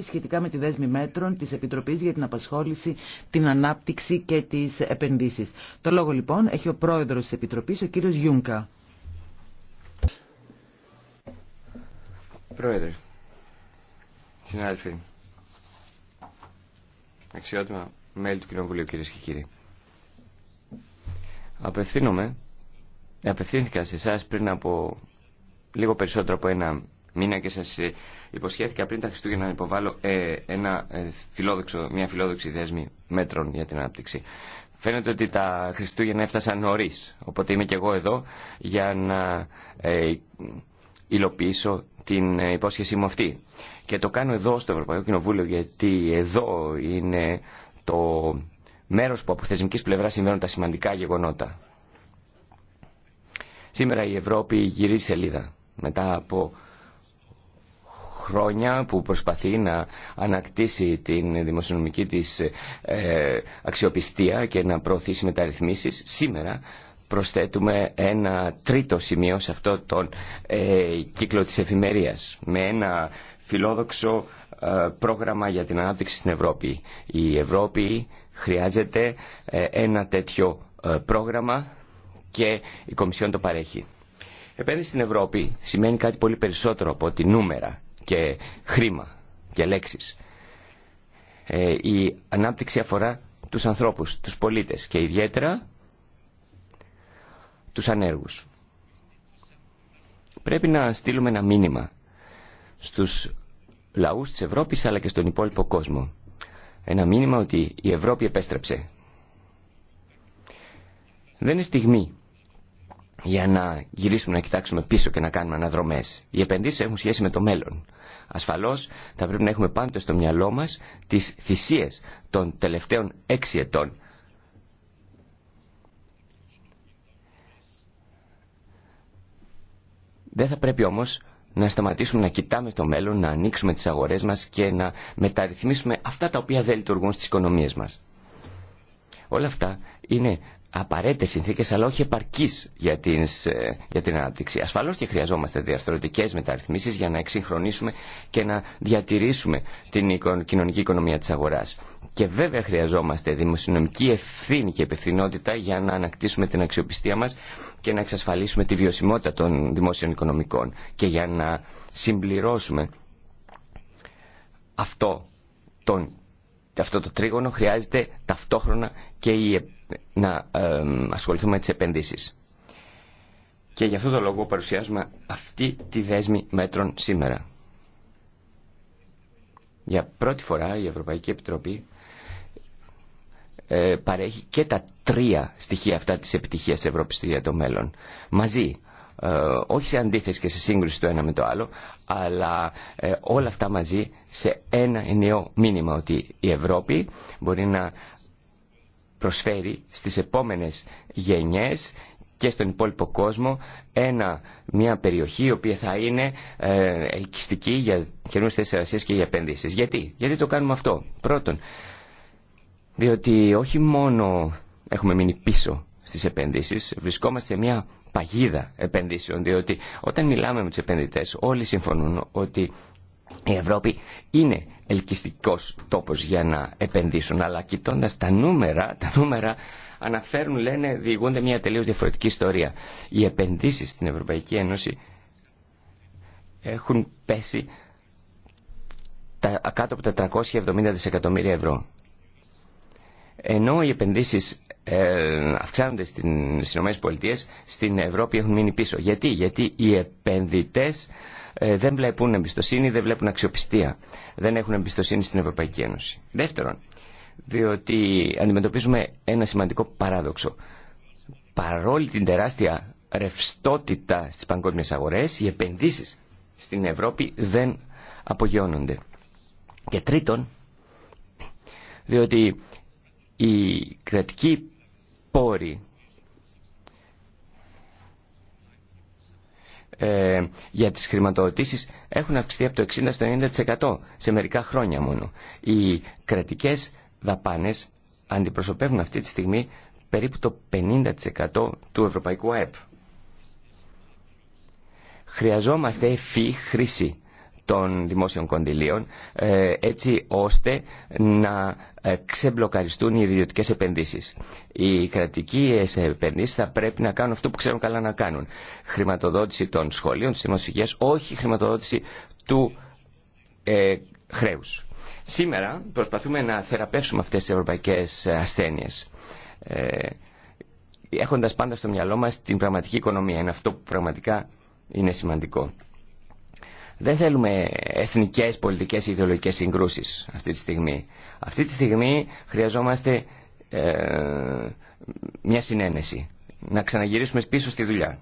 σχετικά με τη δέσμη μέτρων της Επιτροπής για την Απασχόληση, την Ανάπτυξη και τις Επενδύσεις. Το λόγο λοιπόν έχει ο πρόεδρος της Επιτροπής, ο κύριος Γιούνκα. Πρόεδρε, συνάδελφοι, αξιότιμα μέλη του Κοινοβουλίου κυρίες και κύριοι. Απευθύνομαι, απευθύνθηκα σε εσά πριν από λίγο περισσότερο από ένα μήνα και σας ε, υποσχέθηκα πριν τα Χριστούγεννα να υποβάλω ε, ένα, ε, φιλόδοξο, μια φιλόδοξη δέσμη μέτρων για την ανάπτυξη. Φαίνεται ότι τα Χριστούγεννα έφτασαν νωρί, οπότε είμαι και εγώ εδώ για να υλοποιήσω την υπόσχεσή μου αυτή. Και το κάνω εδώ στο Ευρωπαϊκό Κοινοβούλιο γιατί εδώ είναι το μέρος που από θεσμικής πλευράς συμβαίνουν τα σημαντικά γεγονότα. Σήμερα η Ευρώπη γυρίζει σελίδα μετά από χρόνια που προσπαθεί να ανακτήσει την δημοσιονομική της ε, αξιοπιστία και να προωθήσει μεταρρυθμίσεις. Σήμερα προσθέτουμε ένα τρίτο σημείο σε αυτό τον ε, κύκλο της εφημερίας με ένα φιλόδοξο ε, πρόγραμμα για την ανάπτυξη στην Ευρώπη. Η Ευρώπη χρειάζεται ένα τέτοιο πρόγραμμα και η Κομισιόν το παρέχει. Επένδυση στην Ευρώπη σημαίνει κάτι πολύ περισσότερο από ότι νούμερα και χρήμα και λέξεις. Ε, η ανάπτυξη αφορά τους ανθρώπους, τους πολίτες και ιδιαίτερα τους ανέργους. Πρέπει να στείλουμε ένα μήνυμα στους λαούς της Ευρώπης αλλά και στον υπόλοιπο κόσμο. Ένα μήνυμα ότι η Ευρώπη επέστρεψε. Δεν είναι στιγμή για να γυρίσουμε να κοιτάξουμε πίσω και να κάνουμε αναδρομές. Οι επενδύσεις έχουν σχέση με το μέλλον. Ασφαλώς θα πρέπει να έχουμε πάντοτε στο μυαλό μας τις θυσίες των τελευταίων έξι ετών. Δεν θα πρέπει όμως να σταματήσουμε να κοιτάμε το μέλλον, να ανοίξουμε τις αγορές μας και να μεταρρυθμίσουμε αυτά τα οποία δεν λειτουργούν στις οικονομίες μας. Όλα αυτά είναι απαραίτητες συνθήκε, αλλά όχι επαρκή για, την, ε, για την ανάπτυξη. Ασφαλώς και χρειαζόμαστε διαστρωτικέ μεταρρυθμίσει για να εξυγχρονίσουμε και να διατηρήσουμε την κοινωνική οικονομία τη αγορά. Και βέβαια χρειαζόμαστε δημοσιονομική ευθύνη και επιθυνότητα για να ανακτήσουμε την αξιοπιστία μα και να εξασφαλίσουμε τη βιωσιμότητα των δημόσιων οικονομικών και για να συμπληρώσουμε αυτό, τον, αυτό το τρίγωνο χρειάζεται ταυτόχρονα και η να ασχοληθούμε με τις επενδύσεις. Και για αυτό το λόγο παρουσιάζουμε αυτή τη δέσμη μέτρων σήμερα. Για πρώτη φορά η Ευρωπαϊκή Επιτροπή ε, παρέχει και τα τρία στοιχεία αυτά της επιτυχίας της Ευρώπης για το μέλλον. Μαζί, ε, όχι σε αντίθεση και σε σύγκριση το ένα με το άλλο, αλλά ε, όλα αυτά μαζί σε ένα ενιαίο μήνυμα ότι η Ευρώπη μπορεί να προσφέρει στις επόμενες γενιές και στον υπόλοιπο κόσμο ένα, μια περιοχή η οποία θα είναι ε, ελκυστική για καινούριες θέσεις εργασίας και για επενδύσεις. Γιατί? Γιατί το κάνουμε αυτό. Πρώτον, διότι όχι μόνο έχουμε μείνει πίσω στις επενδύσεις, βρισκόμαστε σε μια παγίδα επενδύσεων, διότι όταν μιλάμε με τους επενδυτές όλοι συμφωνούν ότι η Ευρώπη είναι ελκυστικός τόπος για να επενδύσουν. Αλλά κοιτώντα τα νούμερα, τα νούμερα αναφέρουν, λένε, διηγούνται μια τελείως διαφορετική ιστορία. Οι επενδύσεις στην Ευρωπαϊκή Ένωση έχουν πέσει τα, κάτω από τα 370 δισεκατομμύρια ευρώ. Ενώ οι επενδύσεις ε, αυξάνονται στις ΗΠΑ, στην Ευρώπη έχουν μείνει πίσω. Γιατί, Γιατί οι επενδυτές ε, δεν βλέπουν εμπιστοσύνη, δεν βλέπουν αξιοπιστία. Δεν έχουν εμπιστοσύνη στην Ευρωπαϊκή Ένωση. Δεύτερον, διότι αντιμετωπίζουμε ένα σημαντικό παράδοξο. Παρόλη την τεράστια ρευστότητα στις παγκόσμιες αγορές, οι επενδύσεις στην Ευρώπη δεν απογειώνονται. Και τρίτον, διότι οι κρατικοί πόροι ε, για τις χρηματοδοτήσεις έχουν αυξηθεί από το 60% στο 90% σε μερικά χρόνια μόνο. Οι κρατικές δαπάνες αντιπροσωπεύουν αυτή τη στιγμή περίπου το 50% του ευρωπαϊκού ΑΕΠ. Χρειαζόμαστε ευφύ χρήση των δημόσιων κονδυλίων ε, έτσι ώστε να ε, ξεμπλοκαριστούν οι ιδιωτικές επενδύσεις. Οι κρατικές επενδύσεις θα πρέπει να κάνουν αυτό που ξέρουν καλά να κάνουν. Χρηματοδότηση των σχολείων, της δημοσιογείας, όχι χρηματοδότηση του ε, χρέους. Σήμερα προσπαθούμε να θεραπεύσουμε αυτές τις ευρωπαϊκές ασθένειες. Ε, έχοντας πάντα στο μυαλό μας την πραγματική οικονομία. Είναι αυτό που πραγματικά είναι σημαντικό. Δεν θέλουμε εθνικές πολιτικές ή ιδεολογικές συγκρούσεις αυτή τη στιγμή. Αυτή τη στιγμή χρειαζόμαστε ε, μια συνένεση. Να ξαναγυρίσουμε πίσω στη δουλειά.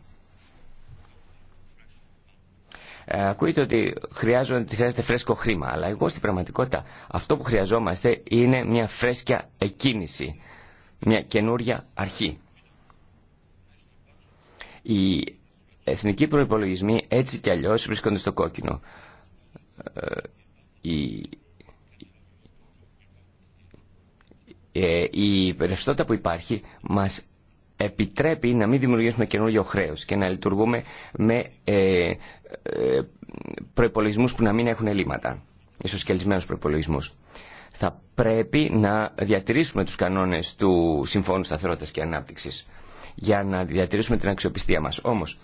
Ε, ακούγεται ότι χρειάζεται χρειάζεται φρέσκο χρήμα, αλλά εγώ στην πραγματικότητα αυτό που χρειαζόμαστε είναι μια φρέσκια εκκίνηση, μια καινούρια αρχή εθνικοί προϋπολογισμοί έτσι κι αλλιώς βρίσκονται στο κόκκινο. Ε, η, ε, η ρευστότητα που υπάρχει μας επιτρέπει να μην δημιουργήσουμε καινούργιο χρέος και να λειτουργούμε με ε, ε, προϋπολογισμούς που να μην έχουν ελλείμματα, ισοσκελισμένους προϋπολογισμούς. Θα πρέπει να διατηρήσουμε τους κανόνες του Συμφώνου Σταθερότητας και Ανάπτυξης για να διατηρήσουμε την αξιοπιστία μας. Όμως,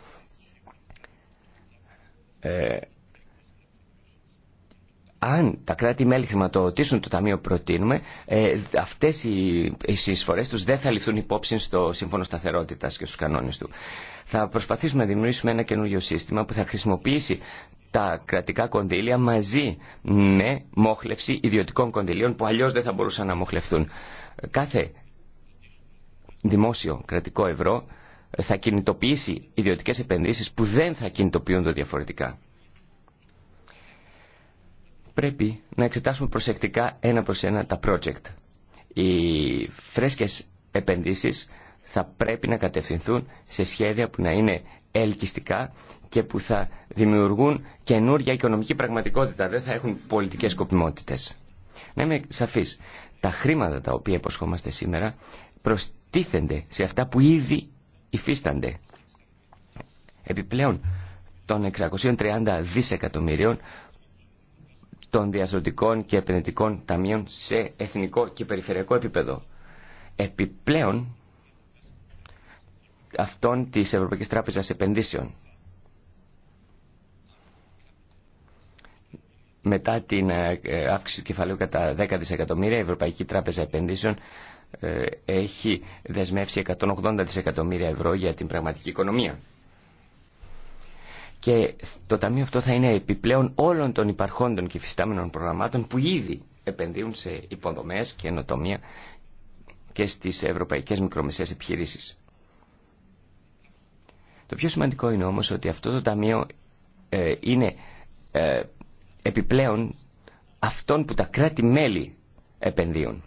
ε, αν τα κράτη-μέλη χρηματοδοτήσουν το ταμείο που προτείνουμε, ε, αυτές οι, οι συσφορές τους δεν θα ληφθούν υπόψη στο Σύμφωνο Σταθερότητας και στους κανόνες του. Θα προσπαθήσουμε να δημιουργήσουμε ένα καινούριο σύστημα που θα χρησιμοποιήσει τα κρατικά κονδύλια μαζί με μόχλευση ιδιωτικών κονδυλίων που αλλιώς δεν θα μπορούσαν να μοχλευθούν. Κάθε δημόσιο κρατικό ευρώ θα κινητοποιήσει ιδιωτικές επενδύσεις που δεν θα κινητοποιούνται διαφορετικά. Πρέπει να εξετάσουμε προσεκτικά ένα προς ένα τα project. Οι φρέσκες επενδύσεις θα πρέπει να κατευθυνθούν σε σχέδια που να είναι ελκυστικά και που θα δημιουργούν καινούρια οικονομική πραγματικότητα, δεν θα έχουν πολιτικές σκοπιμότητες. Να είμαι σαφής, τα χρήματα τα οποία υποσχόμαστε σήμερα προστίθενται σε αυτά που ήδη υφίστανται. Επιπλέον των 630 δισεκατομμυρίων των διαστροτικών και επενδυτικών ταμείων σε εθνικό και περιφερειακό επίπεδο. Επιπλέον αυτών της Ευρωπαϊκής Τράπεζας Επενδύσεων. Μετά την ε, ε, αύξηση του κεφαλαίου κατά 10 δισεκατομμύρια, η Ευρωπαϊκή Τράπεζα Επενδύσεων ε, έχει δεσμεύσει 180 δισεκατομμύρια ευρώ για την πραγματική οικονομία. Και το ταμείο αυτό θα είναι επιπλέον όλων των υπαρχόντων και φυστάμενων προγραμμάτων που ήδη επενδύουν σε υποδομές και ενοτομία και στις ευρωπαϊκές μικρομεσαίες επιχειρήσεις. Το πιο σημαντικό είναι όμως ότι αυτό το ταμείο ε, είναι ε, επιπλέον αυτών που τα κράτη-μέλη επενδύουν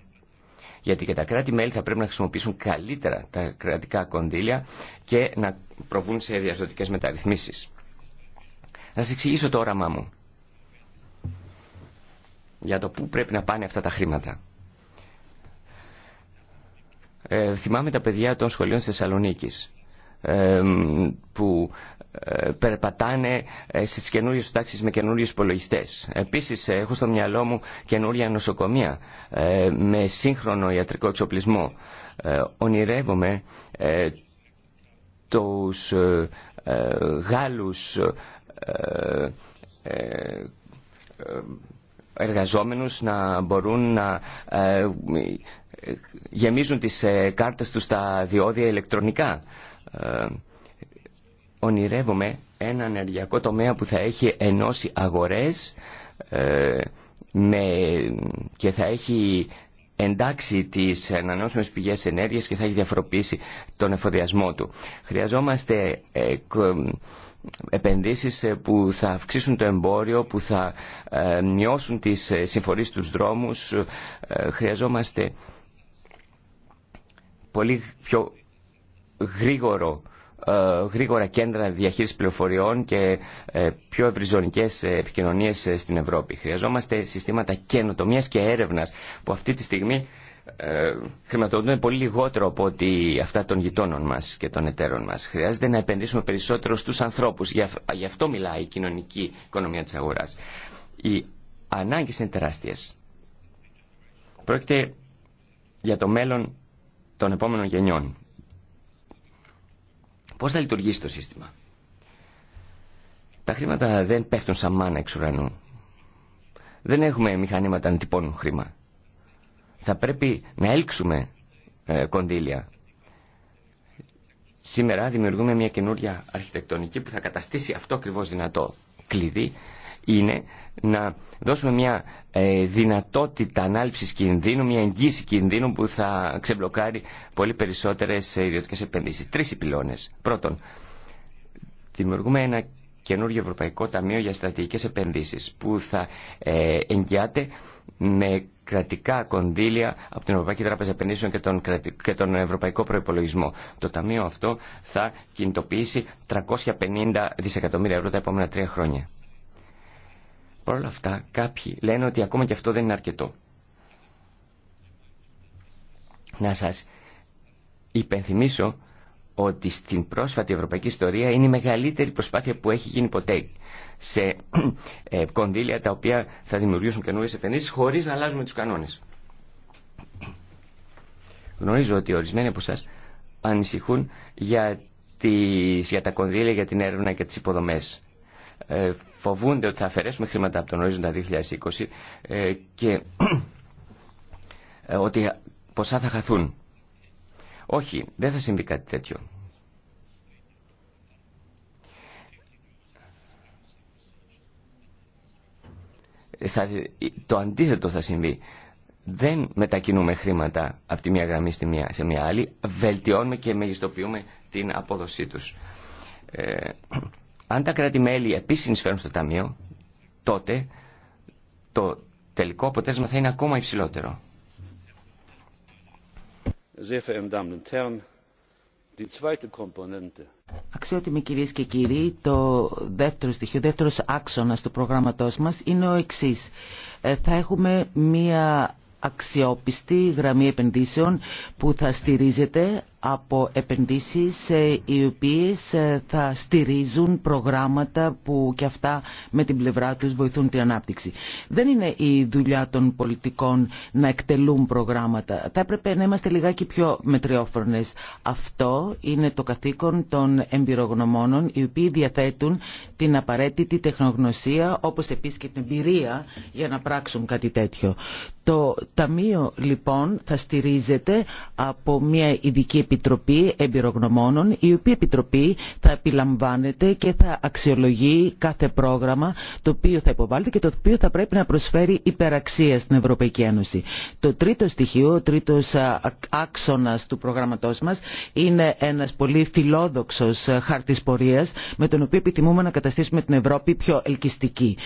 γιατί και τα κράτη-μέλη θα πρέπει να χρησιμοποιήσουν καλύτερα τα κρατικά κονδύλια και να προβούν σε διαρθρωτικές μεταρρυθμίσεις. Να σας εξηγήσω το όραμά μου για το πού πρέπει να πάνε αυτά τα χρήματα. Ε, θυμάμαι τα παιδιά των σχολείων της Θεσσαλονίκης ε, που ε, περπατάνε ε, στι καινούριε τάξει με καινούριου υπολογιστέ. Επίσης ε, έχω στο μυαλό μου καινούρια νοσοκομεία με σύγχρονο ιατρικό εξοπλισμό. Ονειρεύομαι τους γάλους εργαζόμενους να μπορούν να γεμίζουν τις κάρτες τους στα διόδια ηλεκτρονικά ονειρεύομαι ένα ενεργειακό τομέα που θα έχει ενώσει αγορές ε, με, και θα έχει εντάξει τις ανανεώσιμες πηγές ενέργειας και θα έχει διαφοροποιήσει τον εφοδιασμό του. Χρειαζόμαστε ε, επενδύσεις ε, που θα αυξήσουν το εμπόριο, που θα ε, μειώσουν τις συμφορίες στους δρόμους. Χρειαζόμαστε πολύ πιο γρήγορο ε, γρήγορα κέντρα διαχείρισης πληροφοριών και ε, πιο ευρυζωνικές ε, επικοινωνίες στην Ευρώπη. Χρειαζόμαστε συστήματα καινοτομίας και έρευνας που αυτή τη στιγμή χρηματοδοτούν πολύ λιγότερο από ότι αυτά των γειτόνων μας και των εταίρων μας. Χρειάζεται να επενδύσουμε περισσότερο στους ανθρώπους. Γι' αυτό μιλάει η κοινωνική οικονομία της αγοράς. Οι ανάγκες είναι τεράστιες. Πρόκειται για το μέλλον των επόμενων γενιών. Πώς θα λειτουργήσει το σύστημα. Τα χρήματα δεν πέφτουν σαν μάνα εξ ουρανού. Δεν έχουμε μηχανήματα να τυπώνουν χρήμα. Θα πρέπει να έλξουμε ε, κονδύλια. Σήμερα δημιουργούμε μια καινούρια αρχιτεκτονική που θα καταστήσει αυτό ακριβώς δυνατό κλειδί είναι να δώσουμε μια ε, δυνατότητα ανάληψης κινδύνου, μια εγγύηση κινδύνου που θα ξεμπλοκάρει πολύ περισσότερες ε, ιδιωτικές επενδύσεις. Τρεις επιλόνες. Πρώτον, δημιουργούμε ένα καινούργιο Ευρωπαϊκό Ταμείο για Στρατηγικές Επενδύσεις που θα ε, εγγυάται με κρατικά κονδύλια από την Ευρωπαϊκή Τράπεζα Επενδύσεων και τον, και τον Ευρωπαϊκό Προπολογισμό. Το Ταμείο αυτό θα κινητοποιήσει 350 δισεκατομμύρια ευρώ τα επόμενα τρία χρόνια. Παρ' όλα αυτά κάποιοι λένε ότι ακόμα και αυτό δεν είναι αρκετό. Να σας υπενθυμίσω ότι στην πρόσφατη ευρωπαϊκή ιστορία είναι η μεγαλύτερη προσπάθεια που έχει γίνει ποτέ σε ε, κονδύλια τα οποία θα δημιουργήσουν καινούριε επενδύσεις χωρίς να αλλάζουμε τους κανόνες. Γνωρίζω ότι ορισμένοι από εσά ανησυχούν για, για τα κονδύλια, για την έρευνα και τις υποδομές. Ε, φοβούνται ότι θα αφαιρέσουμε χρήματα από τον ορίζοντα 2020 ε, και ε, ότι ποσά θα χαθούν. Όχι, δεν θα συμβεί κάτι τέτοιο. το αντίθετο θα συμβεί. Δεν μετακινούμε χρήματα από τη μία γραμμή στη μία, σε μία άλλη, βελτιώνουμε και μεγιστοποιούμε την απόδοσή τους. Αν τα κράτη-μέλη επίσης συνεισφέρουν στο Ταμείο, τότε το τελικό αποτέλεσμα θα είναι ακόμα υψηλότερο. Αξιότιμοι κυρίε και κύριοι, το δεύτερο στοιχείο, δεύτερο άξονα του προγράμματό μα είναι ο εξή. Ε, θα έχουμε μία αξιόπιστη γραμμή επενδύσεων που θα στηρίζεται από επενδύσεις ε, οι οποίες ε, θα στηρίζουν προγράμματα που και αυτά με την πλευρά τους βοηθούν την ανάπτυξη. Δεν είναι η δουλειά των πολιτικών να εκτελούν προγράμματα. Θα έπρεπε να είμαστε λιγάκι πιο μετριόφρονες. Αυτό είναι το καθήκον των εμπειρογνωμόνων οι οποίοι διαθέτουν την απαραίτητη τεχνογνωσία όπως επίσης και την εμπειρία για να πράξουν κάτι τέτοιο. Το Ταμείο λοιπόν θα στηρίζεται από μια ειδική Επιτροπή Εμπειρογνωμόνων, η οποία Επιτροπή θα επιλαμβάνεται και θα αξιολογεί κάθε πρόγραμμα το οποίο θα υποβάλλεται και το οποίο θα πρέπει να προσφέρει υπεραξία στην Ευρωπαϊκή Ένωση. Το τρίτο στοιχείο, ο τρίτος άξονας του προγραμματός μας είναι ένας πολύ φιλόδοξος χάρτης πορείας με τον οποίο επιθυμούμε να καταστήσουμε την Ευρώπη πιο ελκυστική.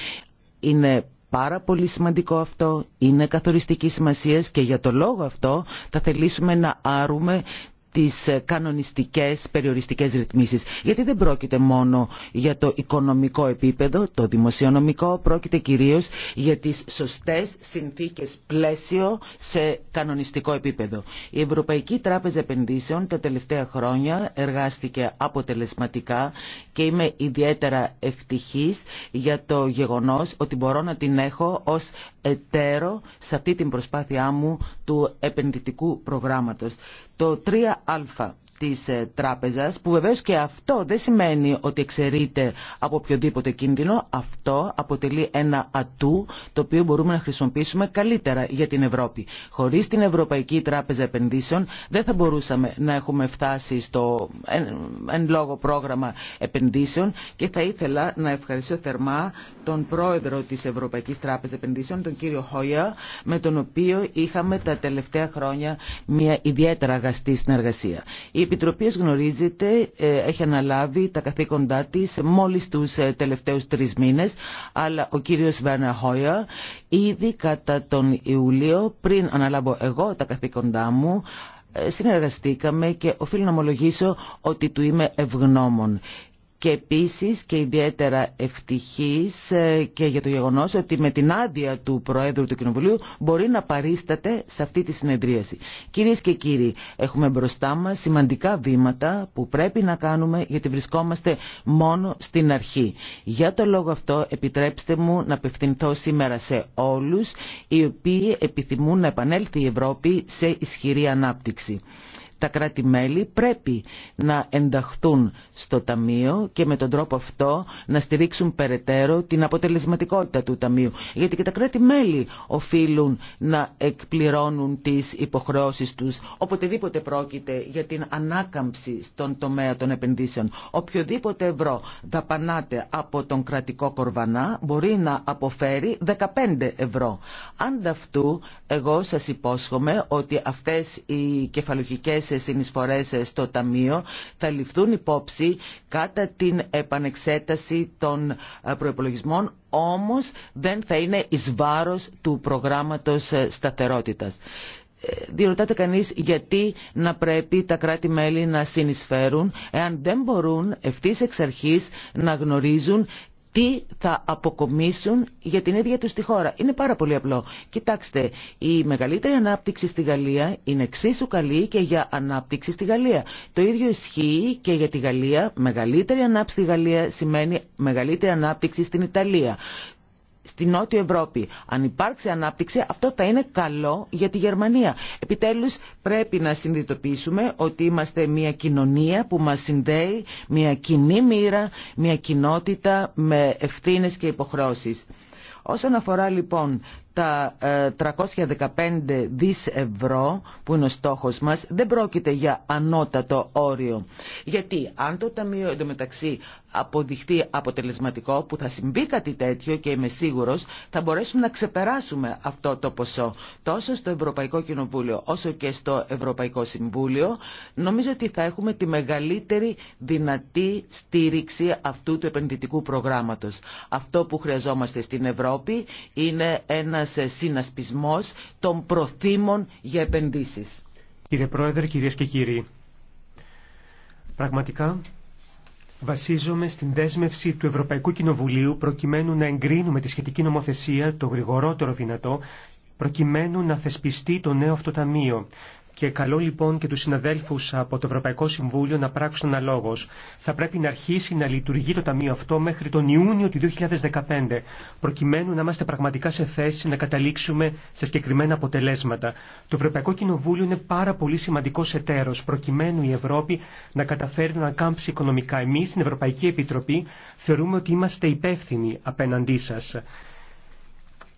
Είναι Πάρα πολύ σημαντικό αυτό, είναι καθοριστική σημασία και για το λόγο αυτό θα θελήσουμε να άρουμε τις ε, κανονιστικές περιοριστικές ρυθμίσεις. Γιατί δεν πρόκειται μόνο για το οικονομικό επίπεδο, το δημοσιονομικό, πρόκειται κυρίως για τις σωστές συνθήκες πλαίσιο σε κανονιστικό επίπεδο. Η Ευρωπαϊκή Τράπεζα Επενδύσεων τα τελευταία χρόνια εργάστηκε αποτελεσματικά και είμαι ιδιαίτερα ευτυχής για το γεγονός ότι μπορώ να την έχω ως εταίρο σε αυτή την προσπάθειά μου του επενδυτικού προγράμματος. Το 3α της ε, τράπεζας που βεβαίως και αυτό δεν σημαίνει ότι εξαιρείται από οποιοδήποτε κίνδυνο. Αυτό αποτελεί ένα ατού το οποίο μπορούμε να χρησιμοποιήσουμε καλύτερα για την Ευρώπη. Χωρίς την Ευρωπαϊκή Τράπεζα Επενδύσεων δεν θα μπορούσαμε να έχουμε φτάσει στο εν, λόγω πρόγραμμα επενδύσεων και θα ήθελα να ευχαριστώ θερμά τον πρόεδρο της Ευρωπαϊκής Τράπεζα Επενδύσεων, τον κύριο Χόια, με τον οποίο είχαμε τα τελευταία χρόνια μια ιδιαίτερα αγαστή συνεργασία. Επιτροπή, γνωρίζετε, ε, έχει αναλάβει τα καθήκοντά της μόλις τους ε, τελευταίους τρεις μήνες, αλλά ο κύριος Βέρνα Χόια ήδη κατά τον Ιουλίο, πριν αναλάβω εγώ τα καθήκοντά μου, ε, συνεργαστήκαμε και οφείλω να ομολογήσω ότι του είμαι ευγνώμων και επίσης και ιδιαίτερα ευτυχής ε, και για το γεγονός ότι με την άδεια του Προέδρου του Κοινοβουλίου μπορεί να παρίσταται σε αυτή τη συνεδρίαση. Κυρίες και κύριοι, έχουμε μπροστά μας σημαντικά βήματα που πρέπει να κάνουμε γιατί βρισκόμαστε μόνο στην αρχή. Για το λόγο αυτό επιτρέψτε μου να απευθυνθώ σήμερα σε όλους οι οποίοι επιθυμούν να επανέλθει η Ευρώπη σε ισχυρή ανάπτυξη τα κράτη-μέλη πρέπει να ενταχθούν στο Ταμείο και με τον τρόπο αυτό να στηρίξουν περαιτέρω την αποτελεσματικότητα του Ταμείου. Γιατί και τα κράτη-μέλη οφείλουν να εκπληρώνουν τις υποχρεώσεις τους οποτεδήποτε πρόκειται για την ανάκαμψη στον τομέα των επενδύσεων. Οποιοδήποτε ευρώ δαπανάται από τον κρατικό κορβανά μπορεί να αποφέρει 15 ευρώ. Ανταυτού εγώ σας υπόσχομαι ότι αυτές οι κεφαλογικές συνεισφορές στο Ταμείο θα ληφθούν υπόψη κατά την επανεξέταση των ε, προπολογισμών όμως δεν θα είναι εις του προγράμματος ε, σταθερότητας. Ε, διερωτάται κανείς γιατί να πρέπει τα κράτη-μέλη να συνεισφέρουν εάν δεν μπορούν ευθύς εξ αρχής να γνωρίζουν τι θα αποκομίσουν για την ίδια τους τη χώρα. Είναι πάρα πολύ απλό. Κοιτάξτε, η μεγαλύτερη ανάπτυξη στη Γαλλία είναι εξίσου καλή και για ανάπτυξη στη Γαλλία. Το ίδιο ισχύει και για τη Γαλλία. Μεγαλύτερη ανάπτυξη στη Γαλλία σημαίνει μεγαλύτερη ανάπτυξη στην Ιταλία στη Νότια Ευρώπη. Αν υπάρξει ανάπτυξη, αυτό θα είναι καλό για τη Γερμανία. Επιτέλους, πρέπει να συνειδητοποιήσουμε ότι είμαστε μια κοινωνία που μας συνδέει, μια κοινή μοίρα, μια κοινότητα με ευθύνες και υποχρώσεις. Όσον αφορά λοιπόν τα 315 ε, δις ευρώ που είναι ο στόχος μας δεν πρόκειται για ανώτατο όριο. Γιατί αν το Ταμείο εντωμεταξύ αποδειχθεί αποτελεσματικό που θα συμβεί κάτι τέτοιο και είμαι σίγουρος θα μπορέσουμε να ξεπεράσουμε αυτό το ποσό τόσο στο Ευρωπαϊκό Κοινοβούλιο όσο και στο Ευρωπαϊκό Συμβούλιο νομίζω ότι θα έχουμε τη μεγαλύτερη δυνατή στήριξη αυτού του επενδυτικού προγράμματος. Αυτό που χρειαζόμαστε στην Ευρώπη είναι ένα ένας ε, συνασπισμός των προθήμων για επενδύσεις. Κύριε Πρόεδρε, κυρίες και κύριοι, πραγματικά βασίζομαι στην δέσμευση του Ευρωπαϊκού Κοινοβουλίου προκειμένου να εγκρίνουμε τη σχετική νομοθεσία το γρηγορότερο δυνατό προκειμένου να θεσπιστεί το νέο αυτοταμείο. Και καλό λοιπόν και του συναδέλφους από το Ευρωπαϊκό Συμβούλιο να πράξουν αναλόγω. Θα πρέπει να αρχίσει να λειτουργεί το Ταμείο αυτό μέχρι τον Ιούνιο του 2015, προκειμένου να είμαστε πραγματικά σε θέση να καταλήξουμε σε συγκεκριμένα αποτελέσματα. Το Ευρωπαϊκό Κοινοβούλιο είναι πάρα πολύ σημαντικός εταίρος, προκειμένου η Ευρώπη να καταφέρει να κάμψει οικονομικά. Εμεί, στην Ευρωπαϊκή Επιτροπή θεωρούμε ότι είμαστε υπεύθυνοι απέναντί σα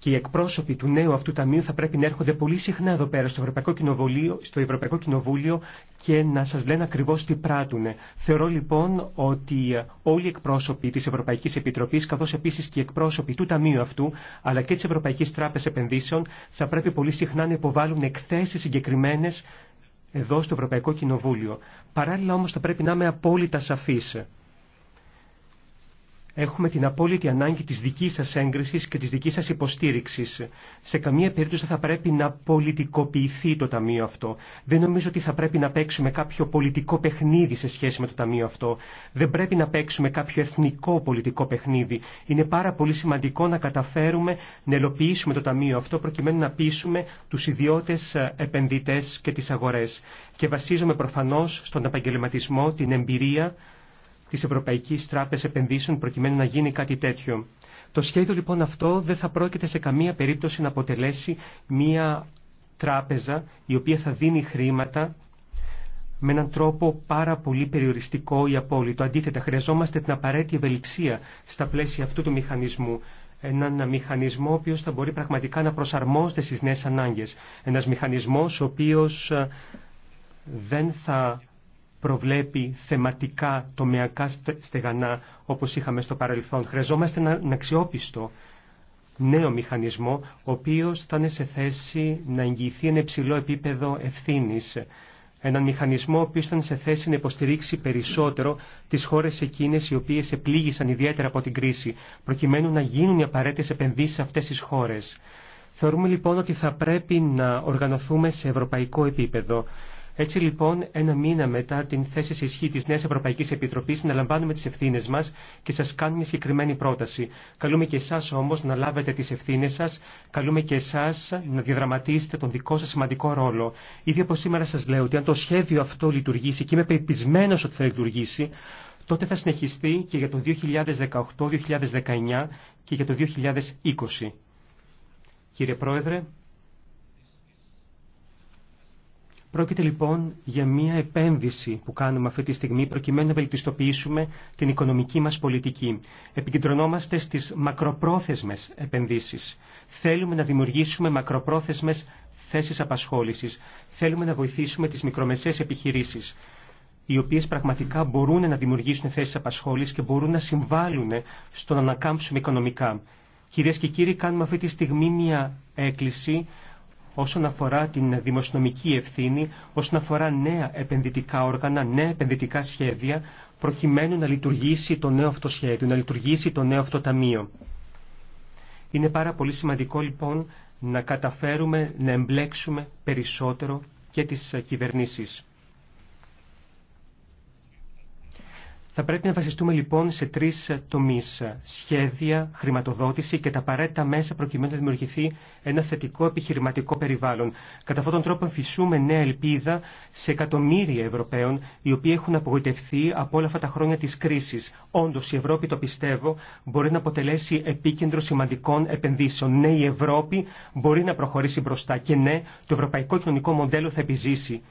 και οι εκπρόσωποι του νέου αυτού ταμείου θα πρέπει να έρχονται πολύ συχνά εδώ πέρα στο Ευρωπαϊκό Κοινοβούλιο, στο Ευρωπαϊκό Κοινοβούλιο και να σας λένε ακριβώς τι πράττουν. Θεωρώ λοιπόν ότι ε, όλοι οι εκπρόσωποι της Ευρωπαϊκής Επιτροπής, καθώς επίσης και οι εκπρόσωποι του ταμείου αυτού, αλλά και της Ευρωπαϊκής Τράπεζας Επενδύσεων, θα πρέπει πολύ συχνά να υποβάλουν εκθέσεις συγκεκριμένες εδώ στο Ευρωπαϊκό Κοινοβούλιο. Παράλληλα όμως θα πρέπει να είμαι απόλυτα σαφής. Έχουμε την απόλυτη ανάγκη της δικής σας έγκρισης και της δικής σας υποστήριξης. Σε καμία περίπτωση θα πρέπει να πολιτικοποιηθεί το Ταμείο αυτό. Δεν νομίζω ότι θα πρέπει να παίξουμε κάποιο πολιτικό παιχνίδι σε σχέση με το Ταμείο αυτό. Δεν πρέπει να παίξουμε κάποιο εθνικό πολιτικό παιχνίδι. Είναι πάρα πολύ σημαντικό να καταφέρουμε να ελοποιήσουμε το Ταμείο αυτό προκειμένου να πείσουμε τους ιδιώτες ε, επενδυτές και τις αγορές. Και βασίζομαι προφανώς στον επαγγελματισμό, την εμπειρία της Ευρωπαϊκής Τράπεζας Επενδύσεων προκειμένου να γίνει κάτι τέτοιο. Το σχέδιο λοιπόν αυτό δεν θα πρόκειται σε καμία περίπτωση να αποτελέσει μία τράπεζα η οποία θα δίνει χρήματα με έναν τρόπο πάρα πολύ περιοριστικό ή απόλυτο. Αντίθετα, χρειαζόμαστε την απαραίτητη ευελιξία στα πλαίσια αυτού του μηχανισμού. Ένα μηχανισμό ο οποίος θα μπορεί πραγματικά να προσαρμόζεται στις νέες ανάγκες. Ένας μηχανισμός ο οποίος ε, δεν θα προβλέπει θεματικά τομεακά στεγανά όπως είχαμε στο παρελθόν. Χρειαζόμαστε έναν αξιόπιστο νέο μηχανισμό, ο οποίος θα είναι σε θέση να εγγυηθεί ένα υψηλό επίπεδο ευθύνης. Έναν μηχανισμό ο οποίος ήταν σε θέση να υποστηρίξει περισσότερο τις χώρες εκείνες οι οποίες επλήγησαν ιδιαίτερα από την κρίση, προκειμένου να γίνουν οι απαραίτητες επενδύσεις σε αυτές τις χώρες. Θεωρούμε λοιπόν ότι θα πρέπει να οργανωθούμε σε ευρωπαϊκό επίπεδο. Έτσι λοιπόν, ένα μήνα μετά την θέση σε ισχύ τη Νέα Ευρωπαϊκή Επιτροπή, αναλαμβάνουμε τι ευθύνε μα και σα κάνουμε μια συγκεκριμένη πρόταση. Καλούμε και εσά όμω να λάβετε τι ευθύνε σα, καλούμε και εσά να διαδραματίσετε τον δικό σα σημαντικό ρόλο. Ήδη από σήμερα σα λέω ότι αν το σχέδιο αυτό λειτουργήσει και είμαι πεπισμένο ότι θα λειτουργήσει, τότε θα συνεχιστεί και για το 2018, 2019 και για το 2020. Κύριε Πρόεδρε, Πρόκειται λοιπόν για μια επένδυση που κάνουμε αυτή τη στιγμή προκειμένου να βελτιστοποιήσουμε την οικονομική μας πολιτική. Επικεντρωνόμαστε στις μακροπρόθεσμες επενδύσεις. Θέλουμε να δημιουργήσουμε μακροπρόθεσμες θέσεις απασχόλησης. Θέλουμε να βοηθήσουμε τις μικρομεσαίες επιχειρήσεις οι οποίες πραγματικά μπορούν να δημιουργήσουν θέσεις απασχόλησης και μπορούν να συμβάλλουν στο να ανακάμψουμε οικονομικά. Κυρίες και κύριοι, κάνουμε αυτή τη στιγμή μια έκκληση όσον αφορά την δημοσιονομική ευθύνη, όσον αφορά νέα επενδυτικά όργανα, νέα επενδυτικά σχέδια, προκειμένου να λειτουργήσει το νέο αυτό σχέδιο, να λειτουργήσει το νέο αυτό ταμείο. Είναι πάρα πολύ σημαντικό λοιπόν να καταφέρουμε να εμπλέξουμε περισσότερο και τις κυβερνήσεις. Θα πρέπει να βασιστούμε λοιπόν σε τρει τομεί. Σχέδια, χρηματοδότηση και τα απαραίτητα μέσα προκειμένου να δημιουργηθεί ένα θετικό επιχειρηματικό περιβάλλον. Κατά αυτόν τον τρόπο εμφυσούμε νέα ελπίδα σε εκατομμύρια Ευρωπαίων οι οποίοι έχουν απογοητευθεί από όλα αυτά τα χρόνια τη κρίση. Όντω η Ευρώπη, το πιστεύω, μπορεί να αποτελέσει επίκεντρο σημαντικών επενδύσεων. Ναι, η Ευρώπη μπορεί να προχωρήσει μπροστά και ναι, το ευρωπαϊκό κοινωνικό μοντέλο θα επιζήσει.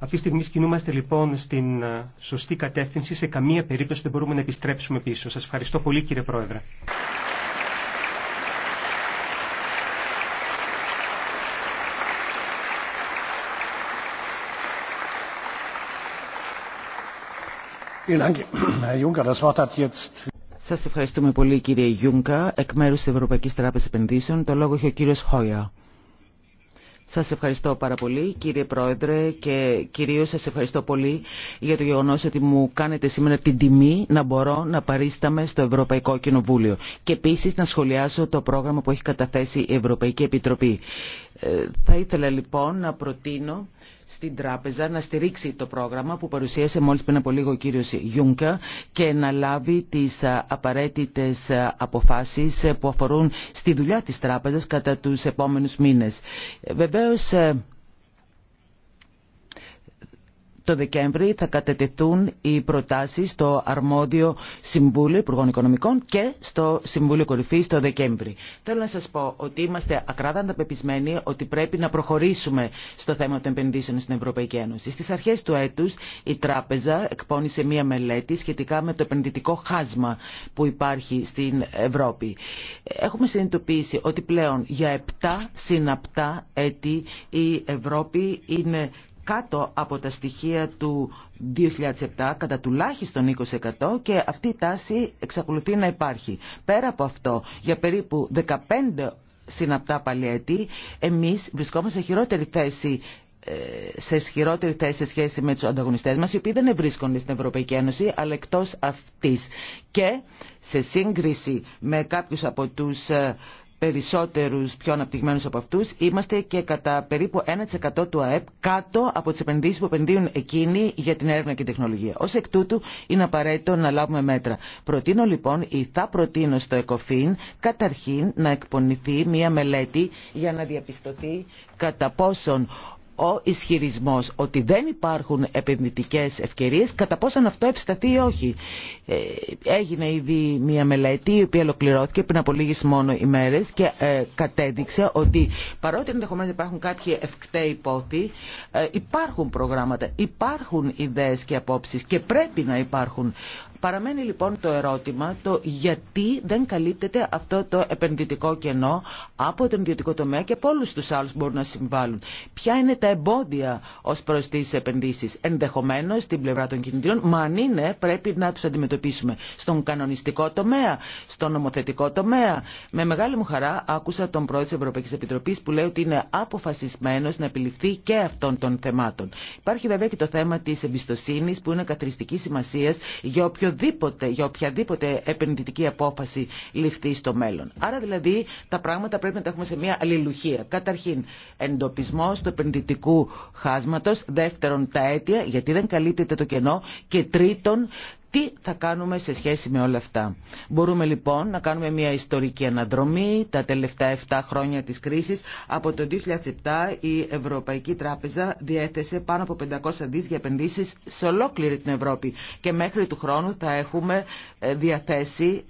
Αυτή τη στιγμή κινούμαστε λοιπόν στην ε, σωστή κατεύθυνση. Σε καμία περίπτωση δεν μπορούμε να επιστρέψουμε πίσω. Σας ευχαριστώ πολύ κύριε Πρόεδρε. Σας ευχαριστούμε πολύ κύριε Γιούγκα. Εκ μέρους της Ευρωπαϊκής Τράπεζας Επενδύσεων το λόγο έχει ο κύριος Χόια. Σας ευχαριστώ πάρα πολύ κύριε Πρόεδρε και κυρίω, σας ευχαριστώ πολύ για το γεγονός ότι μου κάνετε σήμερα την τιμή να μπορώ να παρίσταμαι στο Ευρωπαϊκό Κοινοβούλιο και επίση να σχολιάσω το πρόγραμμα που έχει καταθέσει η Ευρωπαϊκή Επιτροπή. Ε, θα ήθελα λοιπόν να προτείνω στην τράπεζα να στηρίξει το πρόγραμμα που παρουσίασε μόλις πριν από λίγο ο κύριος Γιούνκα και να λάβει τις απαραίτητες αποφάσεις ε, που αφορούν στη δουλειά της τράπεζας κατά τους επόμενους μήνες. Ε, βεβαίως το Δεκέμβρη θα κατετεθούν οι προτάσεις στο αρμόδιο Συμβούλιο Υπουργών Οικονομικών και στο Συμβούλιο Κορυφής το Δεκέμβρη. Θέλω να σας πω ότι είμαστε ακράδαντα πεπισμένοι ότι πρέπει να προχωρήσουμε στο θέμα των επενδύσεων στην Ευρωπαϊκή Ένωση. Στις αρχές του έτους η Τράπεζα εκπώνησε μία μελέτη σχετικά με το επενδυτικό χάσμα που υπάρχει στην Ευρώπη. Έχουμε συνειδητοποιήσει ότι πλέον για 7 συναπτά έτη η Ευρώπη είναι κάτω από τα στοιχεία του 2007 κατά τουλάχιστον 20% και αυτή η τάση εξακολουθεί να υπάρχει. Πέρα από αυτό, για περίπου 15 συναπτά παλιέτη, εμείς βρισκόμαστε σε χειρότερη θέση ε, σε ισχυρότερη σχέση με τους ανταγωνιστές μας, οι οποίοι δεν βρίσκονται στην Ευρωπαϊκή Ένωση, αλλά εκτός αυτής. Και σε σύγκριση με κάποιους από τους ε, περισσότερους πιο αναπτυγμένους από αυτούς είμαστε και κατά περίπου 1% του ΑΕΠ κάτω από τις επενδύσεις που επενδύουν εκείνοι για την έρευνα και την τεχνολογία. Ως εκ τούτου είναι απαραίτητο να λάβουμε μέτρα. Προτείνω λοιπόν ή θα προτείνω στο ΕΚΟΦΗΝ καταρχήν να εκπονηθεί μια μελέτη για να διαπιστωθεί κατά πόσον ο ισχυρισμός ότι δεν υπάρχουν επενδυτικές ευκαιρίες, κατά πόσον αυτό ευσταθεί ή όχι. Ε, έγινε ήδη μια μελέτη η οποία ολοκληρώθηκε πριν από λίγες μόνο ημέρες και ε, κατέδειξε ότι παρότι ενδεχομένως υπάρχουν κάποιοι ευκταίοι πόθοι, ε, υπάρχουν προγράμματα, υπάρχουν ιδέες και απόψεις και πρέπει να υπάρχουν. Παραμένει λοιπόν το ερώτημα το γιατί δεν καλύπτεται αυτό το επενδυτικό κενό από τον ιδιωτικό τομέα και από όλου του άλλου που μπορούν να συμβάλλουν. Ποια είναι τα εμπόδια ω προ τι επενδύσει, ενδεχομένω στην πλευρά των κινητήρων, μα αν είναι πρέπει να του αντιμετωπίσουμε στον κανονιστικό τομέα, στον νομοθετικό τομέα. Με μεγάλη μου χαρά άκουσα τον πρόεδρο τη Ευρωπαϊκή Επιτροπή που λέει ότι είναι αποφασισμένο να επιληφθεί και αυτών των θεμάτων. Υπάρχει βέβαια και το θέμα τη εμπιστοσύνη που είναι καθριστική σημασία για όποιον οποιοδήποτε, για οποιαδήποτε επενδυτική απόφαση ληφθεί στο μέλλον. Άρα δηλαδή τα πράγματα πρέπει να τα έχουμε σε μια αλληλουχία. Καταρχήν, εντοπισμό του επενδυτικού χάσματο. Δεύτερον, τα αίτια, γιατί δεν καλύπτεται το κενό. Και τρίτον, τι θα κάνουμε σε σχέση με όλα αυτά. Μπορούμε λοιπόν να κάνουμε μια ιστορική αναδρομή τα τελευταία 7 χρόνια της κρίσης. Από το 2007 η Ευρωπαϊκή Τράπεζα διέθεσε πάνω από 500 δις για επενδύσεις σε ολόκληρη την Ευρώπη και μέχρι του χρόνου θα έχουμε ε, διαθέσει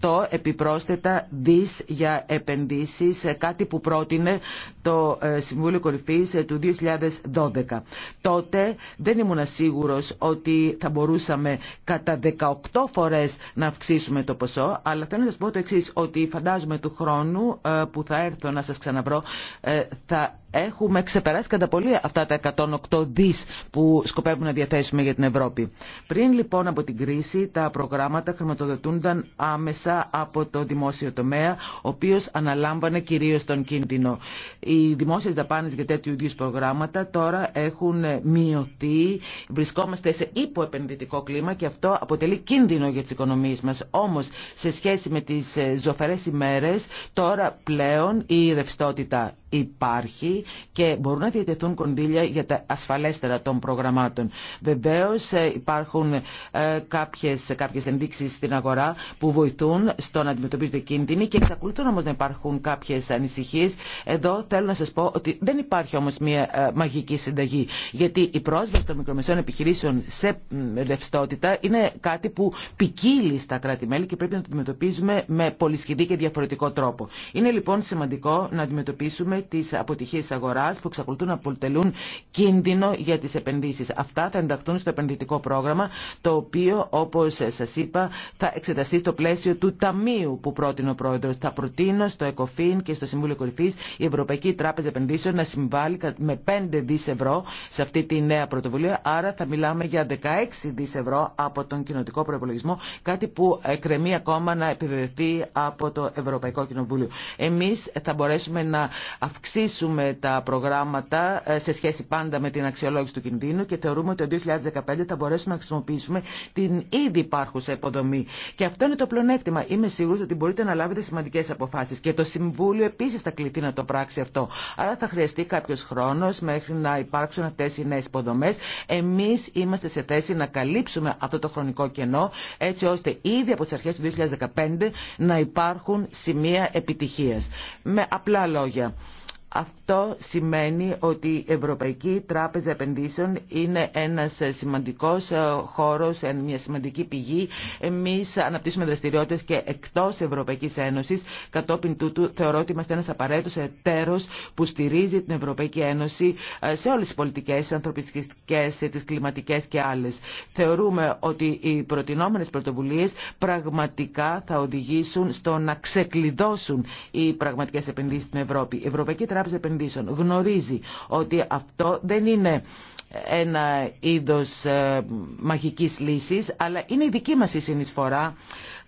108 επιπρόσθετα δις για επενδύσεις, ε, κάτι που πρότεινε το ε, Συμβούλιο Κορυφής ε, του 2012. Τότε δεν ήμουν σίγουρος ότι θα μπορούσαμε κατά 18 φορές να αυξήσουμε το ποσό, αλλά θέλω να σας πω το εξής, ότι φαντάζομαι του χρόνου που θα έρθω να σας ξαναβρω θα έχουμε ξεπεράσει κατά πολύ αυτά τα 108 δις που σκοπεύουμε να διαθέσουμε για την Ευρώπη. Πριν λοιπόν από την κρίση τα προγράμματα χρηματοδοτούνταν άμεσα από το δημόσιο τομέα, ο οποίος αναλάμβανε κυρίως τον κίνδυνο. Οι δημόσιες δαπάνες για τέτοιου είδους προγράμματα τώρα έχουν μειωθεί, βρισκόμαστε σε υποεπενδυτικό κλίμα και αυτό αποτελεί κίνδυνο για τις οικονομίες μας. Όμως σε σχέση με τις ζωφερές ημέρες τώρα πλέον η ρευστότητα υπάρχει και μπορούν να διατεθούν κονδύλια για τα ασφαλέστερα των προγραμμάτων. Βεβαίως ε, υπάρχουν ε, κάποιες, κάποιες ενδείξεις στην αγορά που βοηθούν στο να αντιμετωπίζονται κίνδυνοι και εξακολουθούν όμως να υπάρχουν κάποιες ανησυχίες. Εδώ θέλω να σας πω ότι δεν υπάρχει όμως μια ε, μαγική συνταγή γιατί η πρόσβαση των μικρομεσαίων επιχειρήσεων σε ρευστότητα είναι κάτι που ποικίλει στα κράτη-μέλη και πρέπει να το αντιμετωπίζουμε με πολυσχηδή και διαφορετικό τρόπο. Είναι λοιπόν σημαντικό να αντιμετωπίσουμε Τη τις αποτυχίες αγοράς που εξακολουθούν να αποτελούν κίνδυνο για τις επενδύσεις. Αυτά θα ενταχθούν στο επενδυτικό πρόγραμμα το οποίο όπως σας είπα θα εξεταστεί στο πλαίσιο του ταμείου που πρότεινε ο Πρόεδρος. Θα προτείνω στο ΕΚΟΦΗΝ και στο Συμβούλιο Κορυφής η Ευρωπαϊκή Τράπεζα Επενδύσεων να συμβάλλει με 5 δις ευρώ σε αυτή τη νέα πρωτοβουλία. Άρα θα μιλάμε για 16 δις ευρώ από τον κοινοτικό προπολογισμό, κάτι που εκκρεμεί ακόμα να επιβεβαιωθεί από το Ευρωπαϊκό Κοινοβούλιο. Εμείς θα μπορέσουμε να αυξήσουμε τα προγράμματα ε, σε σχέση πάντα με την αξιολόγηση του κινδύνου και θεωρούμε ότι το 2015 θα μπορέσουμε να χρησιμοποιήσουμε την ήδη υπάρχουσα υποδομή. Και αυτό είναι το πλονέκτημα. Είμαι σίγουρος ότι μπορείτε να λάβετε σημαντικέ αποφάσει. και το Συμβούλιο επίση θα κληθεί να το πράξει αυτό. Άρα θα χρειαστεί κάποιο χρόνο μέχρι να υπάρξουν αυτέ οι νέε υποδομέ. Εμείς είμαστε σε θέση να καλύψουμε αυτό το χρονικό κενό έτσι ώστε ήδη από τι αρχέ του 2015 να υπάρχουν σημεία επιτυχία. Με απλά λόγια. Αυτό σημαίνει ότι η Ευρωπαϊκή Τράπεζα Επενδύσεων είναι ένας σημαντικός ε, χώρος, μια σημαντική πηγή. Εμείς αναπτύσσουμε δραστηριότητες και εκτός Ευρωπαϊκής Ένωσης. Κατόπιν τούτου θεωρώ ότι είμαστε ένας απαραίτητος εταίρος που στηρίζει την Ευρωπαϊκή Ένωση ε, σε όλες τις πολιτικές, τις ανθρωπιστικές, ε, τις κλιματικές και άλλες. Θεωρούμε ότι οι προτινόμενες πρωτοβουλίες πραγματικά θα οδηγήσουν στο να ξεκλειδώσουν οι πραγματικέ επενδύσεις στην Ευρώπη. Ευρωπαϊκή Τράπεζα γνωρίζει ότι αυτό δεν είναι ένα είδος ε, μαγικής λύσης, αλλά είναι η δική μας η συνεισφορά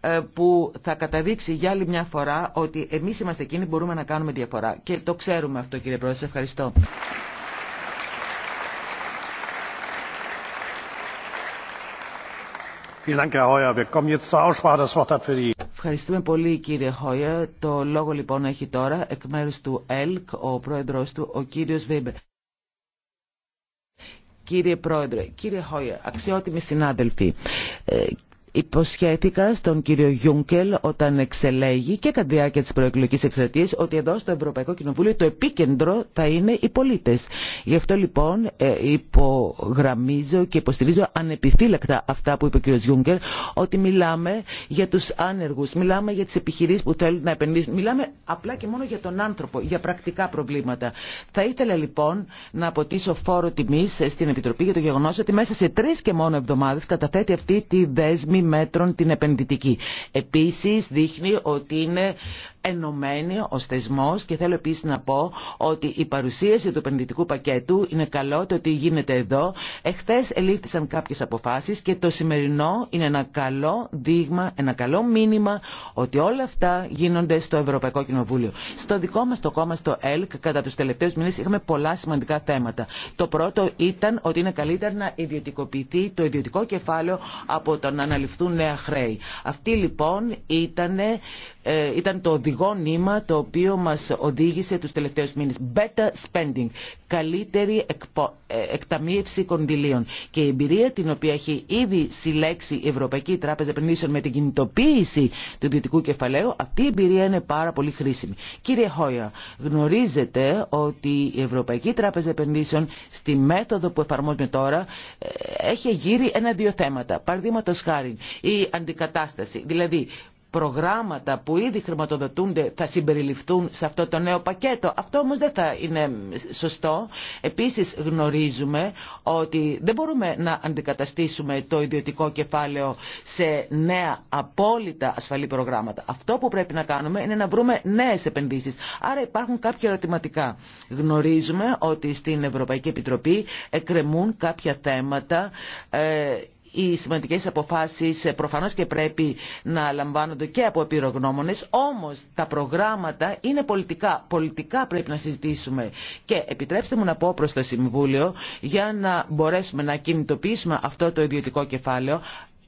ε, που θα καταδείξει για άλλη μια φορά ότι εμείς είμαστε εκείνοι που μπορούμε να κάνουμε διαφορά. Και το ξέρουμε αυτό κύριε Πρόεδρε. Σας ευχαριστώ. Vielen Dank, Herr Heuer. Wir kommen jetzt zur Das Wort hat für die Ευχαριστούμε πολύ κύριε Χόια. Το λόγο λοιπόν έχει τώρα εκ μέρους του ΕΛΚ ο πρόεδρος του, ο κύριος Βίμπερ. Κύριε Πρόεδρε, κύριε Χόια, αξιότιμοι συνάδελφοι, ε, Υποσχέθηκα στον κύριο Γιούγκελ όταν εξελέγει και κατά τη διάρκεια τη προεκλογική ότι εδώ στο Ευρωπαϊκό Κοινοβούλιο το επίκεντρο θα είναι οι πολίτε. Γι' αυτό λοιπόν ε, υπογραμμίζω και υποστηρίζω ανεπιφύλακτα αυτά που είπε ο κύριο Γιούγκελ ότι μιλάμε για του άνεργου, μιλάμε για τι επιχειρήσει που θέλουν να επενδύσουν, μιλάμε απλά και μόνο για τον άνθρωπο, για πρακτικά προβλήματα. Θα ήθελα λοιπόν να αποτίσω φόρο τιμή στην Επιτροπή για το γεγονό ότι μέσα σε τρει και μόνο εβδομάδε καταθέτει αυτή τη δέσμη μέτρων την επενδυτική. Επίσης δείχνει ότι είναι ενωμένη ο θεσμό και θέλω επίση να πω ότι η παρουσίαση του επενδυτικού πακέτου είναι καλό το ότι γίνεται εδώ. Εχθέ ελήφθησαν κάποιε αποφάσει και το σημερινό είναι ένα καλό δείγμα, ένα καλό μήνυμα ότι όλα αυτά γίνονται στο Ευρωπαϊκό Κοινοβούλιο. Στο δικό μα το κόμμα, στο ΕΛΚ, κατά του τελευταίου μήνε είχαμε πολλά σημαντικά θέματα. Το πρώτο ήταν ότι είναι καλύτερα να ιδιωτικοποιηθεί το ιδιωτικό κεφάλαιο από το να αναλυφθούν νέα χρέη. Αυτή λοιπόν ήταν, ε, ήταν το οδηγό νήμα το οποίο μας οδήγησε τους τελευταίους μήνες. Better spending, καλύτερη εκπο... Ε, εκταμείευση κονδυλίων. Και η εμπειρία την οποία έχει ήδη συλλέξει η Ευρωπαϊκή Τράπεζα Επενδύσεων με την κινητοποίηση του ιδιωτικού κεφαλαίου, αυτή η εμπειρία είναι πάρα πολύ χρήσιμη. Κύριε Χόια, γνωρίζετε ότι η Ευρωπαϊκή Τράπεζα Επενδύσεων στη μέθοδο που εφαρμόζουμε τώρα ε, έχει γύρει ένα-δύο θέματα. Παραδείγματο χάρη η αντικατάσταση. Δηλαδή προγράμματα που ήδη χρηματοδοτούνται θα συμπεριληφθούν σε αυτό το νέο πακέτο. Αυτό όμως δεν θα είναι σωστό. Επίσης γνωρίζουμε ότι δεν μπορούμε να αντικαταστήσουμε το ιδιωτικό κεφάλαιο σε νέα απόλυτα ασφαλή προγράμματα. Αυτό που πρέπει να κάνουμε είναι να βρούμε νέες επενδύσεις. Άρα υπάρχουν κάποια ερωτηματικά. Γνωρίζουμε ότι στην Ευρωπαϊκή Επιτροπή εκκρεμούν κάποια θέματα ε, οι σημαντικέ αποφάσεις προφανώ και πρέπει να λαμβάνονται και από επιρρογνώμονε. όμως τα προγράμματα είναι πολιτικά. Πολιτικά πρέπει να συζητήσουμε. Και επιτρέψτε μου να πω προς το Συμβούλιο, για να μπορέσουμε να κινητοποιήσουμε αυτό το ιδιωτικό κεφάλαιο,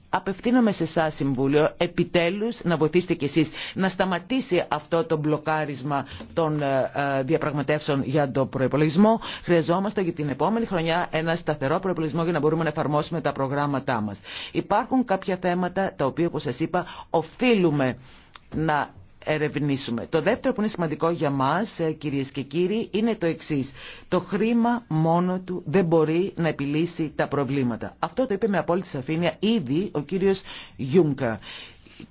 Απευθύνομαι σε εσά, Συμβούλιο, επιτέλους να βοηθήσετε κι εσείς να σταματήσει αυτό το μπλοκάρισμα των ε, ε, διαπραγματεύσεων για τον προϋπολογισμό. Χρειαζόμαστε για την επόμενη χρονιά ένα σταθερό προϋπολογισμό για να μπορούμε να εφαρμόσουμε τα προγράμματά μας. Υπάρχουν κάποια θέματα τα οποία, όπως σας είπα, οφείλουμε να ερευνήσουμε. Το δεύτερο που είναι σημαντικό για μας, ε, κυρίες και κύριοι, είναι το εξής. Το χρήμα μόνο του δεν μπορεί να επιλύσει τα προβλήματα. Αυτό το είπε με απόλυτη σαφήνεια ήδη ο κύριος Γιούγκα.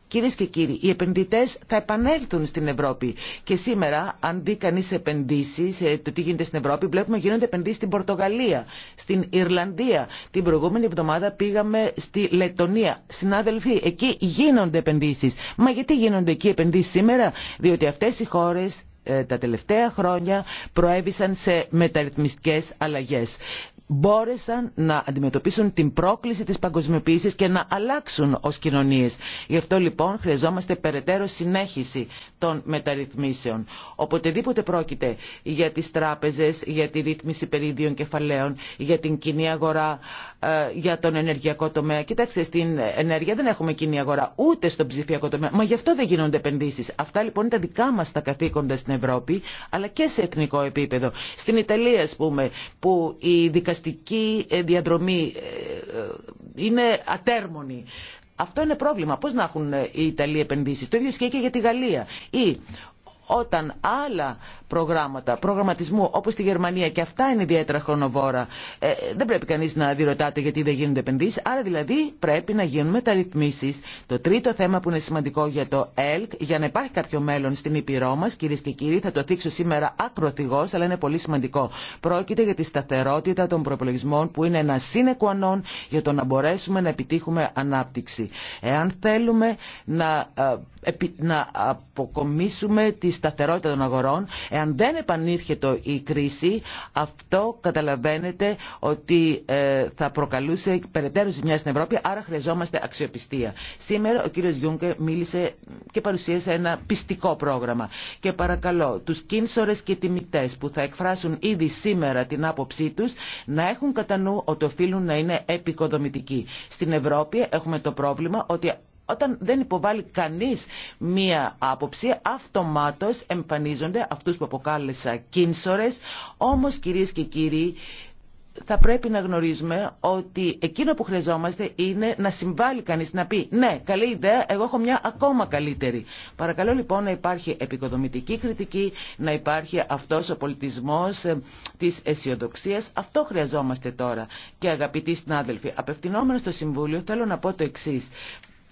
Κυρίε και κύριοι, οι επενδυτέ θα επανέλθουν στην Ευρώπη. Και σήμερα, αν δει κανεί επενδύσει, ε, το τι γίνεται στην Ευρώπη, βλέπουμε γίνονται επενδύσει στην Πορτογαλία, στην Ιρλανδία. Την προηγούμενη εβδομάδα πήγαμε στη Λετωνία. Συνάδελφοι, εκεί γίνονται επενδύσει. Μα γιατί γίνονται εκεί επενδύσει σήμερα, διότι αυτέ οι χώρε ε, τα τελευταία χρόνια προέβησαν σε μεταρρυθμιστικές αλλαγές μπόρεσαν να αντιμετωπίσουν την πρόκληση της παγκοσμιοποίησης και να αλλάξουν ως κοινωνίες. Γι' αυτό λοιπόν χρειαζόμαστε περαιτέρω συνέχιση των μεταρρυθμίσεων. Οποτεδήποτε πρόκειται για τις τράπεζες, για τη ρύθμιση περίδιων κεφαλαίων, για την κοινή αγορά, ε, για τον ενεργειακό τομέα. Κοιτάξτε, στην ενέργεια δεν έχουμε κοινή αγορά, ούτε στον ψηφιακό τομέα. Μα γι' αυτό δεν γίνονται επενδύσεις. Αυτά λοιπόν είναι τα δικά μα τα καθήκοντα στην Ευρώπη, αλλά και σε εθνικό επίπεδο. Στην Ιταλία, α πούμε, που ουσιαστική ε, διαδρομή ε, ε, είναι ατέρμονη. Αυτό είναι πρόβλημα. Πώς να έχουν οι Ιταλοί επενδύσεις. Το ίδιο σχέδιο και για τη Γαλλία όταν άλλα προγράμματα προγραμματισμού όπως στη Γερμανία και αυτά είναι ιδιαίτερα χρονοβόρα ε, δεν πρέπει κανείς να διρωτάται γιατί δεν γίνονται επενδύσεις άρα δηλαδή πρέπει να γίνουν μεταρρυθμίσεις το τρίτο θέμα που είναι σημαντικό για το ΕΛΚ για να υπάρχει κάποιο μέλλον στην Ήπειρό μας κυρίες και κύριοι θα το θίξω σήμερα ακροθυγός αλλά είναι πολύ σημαντικό πρόκειται για τη σταθερότητα των προπολογισμών που είναι ένα σύνεκουανόν για το να μπορέσουμε να επιτύχουμε ανάπτυξη εάν θέλουμε να, ε, να αποκομίσουμε τις σταθερότητα των αγορών. Εάν δεν επανήρχεται η κρίση, αυτό καταλαβαίνετε ότι ε, θα προκαλούσε περαιτέρω ζημιά στην Ευρώπη, άρα χρειαζόμαστε αξιοπιστία. Σήμερα ο κύριος Γιούγκερ μίλησε και παρουσίασε ένα πιστικό πρόγραμμα. Και παρακαλώ τους κίνσορες και τιμητές που θα εκφράσουν ήδη σήμερα την άποψή τους να έχουν κατά νου ότι οφείλουν να είναι επικοδομητικοί. Στην Ευρώπη έχουμε το πρόβλημα ότι όταν δεν υποβάλλει κανείς μία άποψη, αυτομάτως εμφανίζονται αυτούς που αποκάλεσα κίνσορες. Όμως, κυρίε και κύριοι, θα πρέπει να γνωρίζουμε ότι εκείνο που χρειαζόμαστε είναι να συμβάλλει κανείς, να πει «Ναι, καλή ιδέα, εγώ έχω μια ακόμα καλύτερη». Παρακαλώ λοιπόν να υπάρχει επικοδομητική κριτική, να υπάρχει αυτός ο πολιτισμός ε, της αισιοδοξία. Αυτό χρειαζόμαστε τώρα. Και αγαπητοί συνάδελφοι, απευθυνόμενο στο Συμβούλιο θέλω να πω το εξή.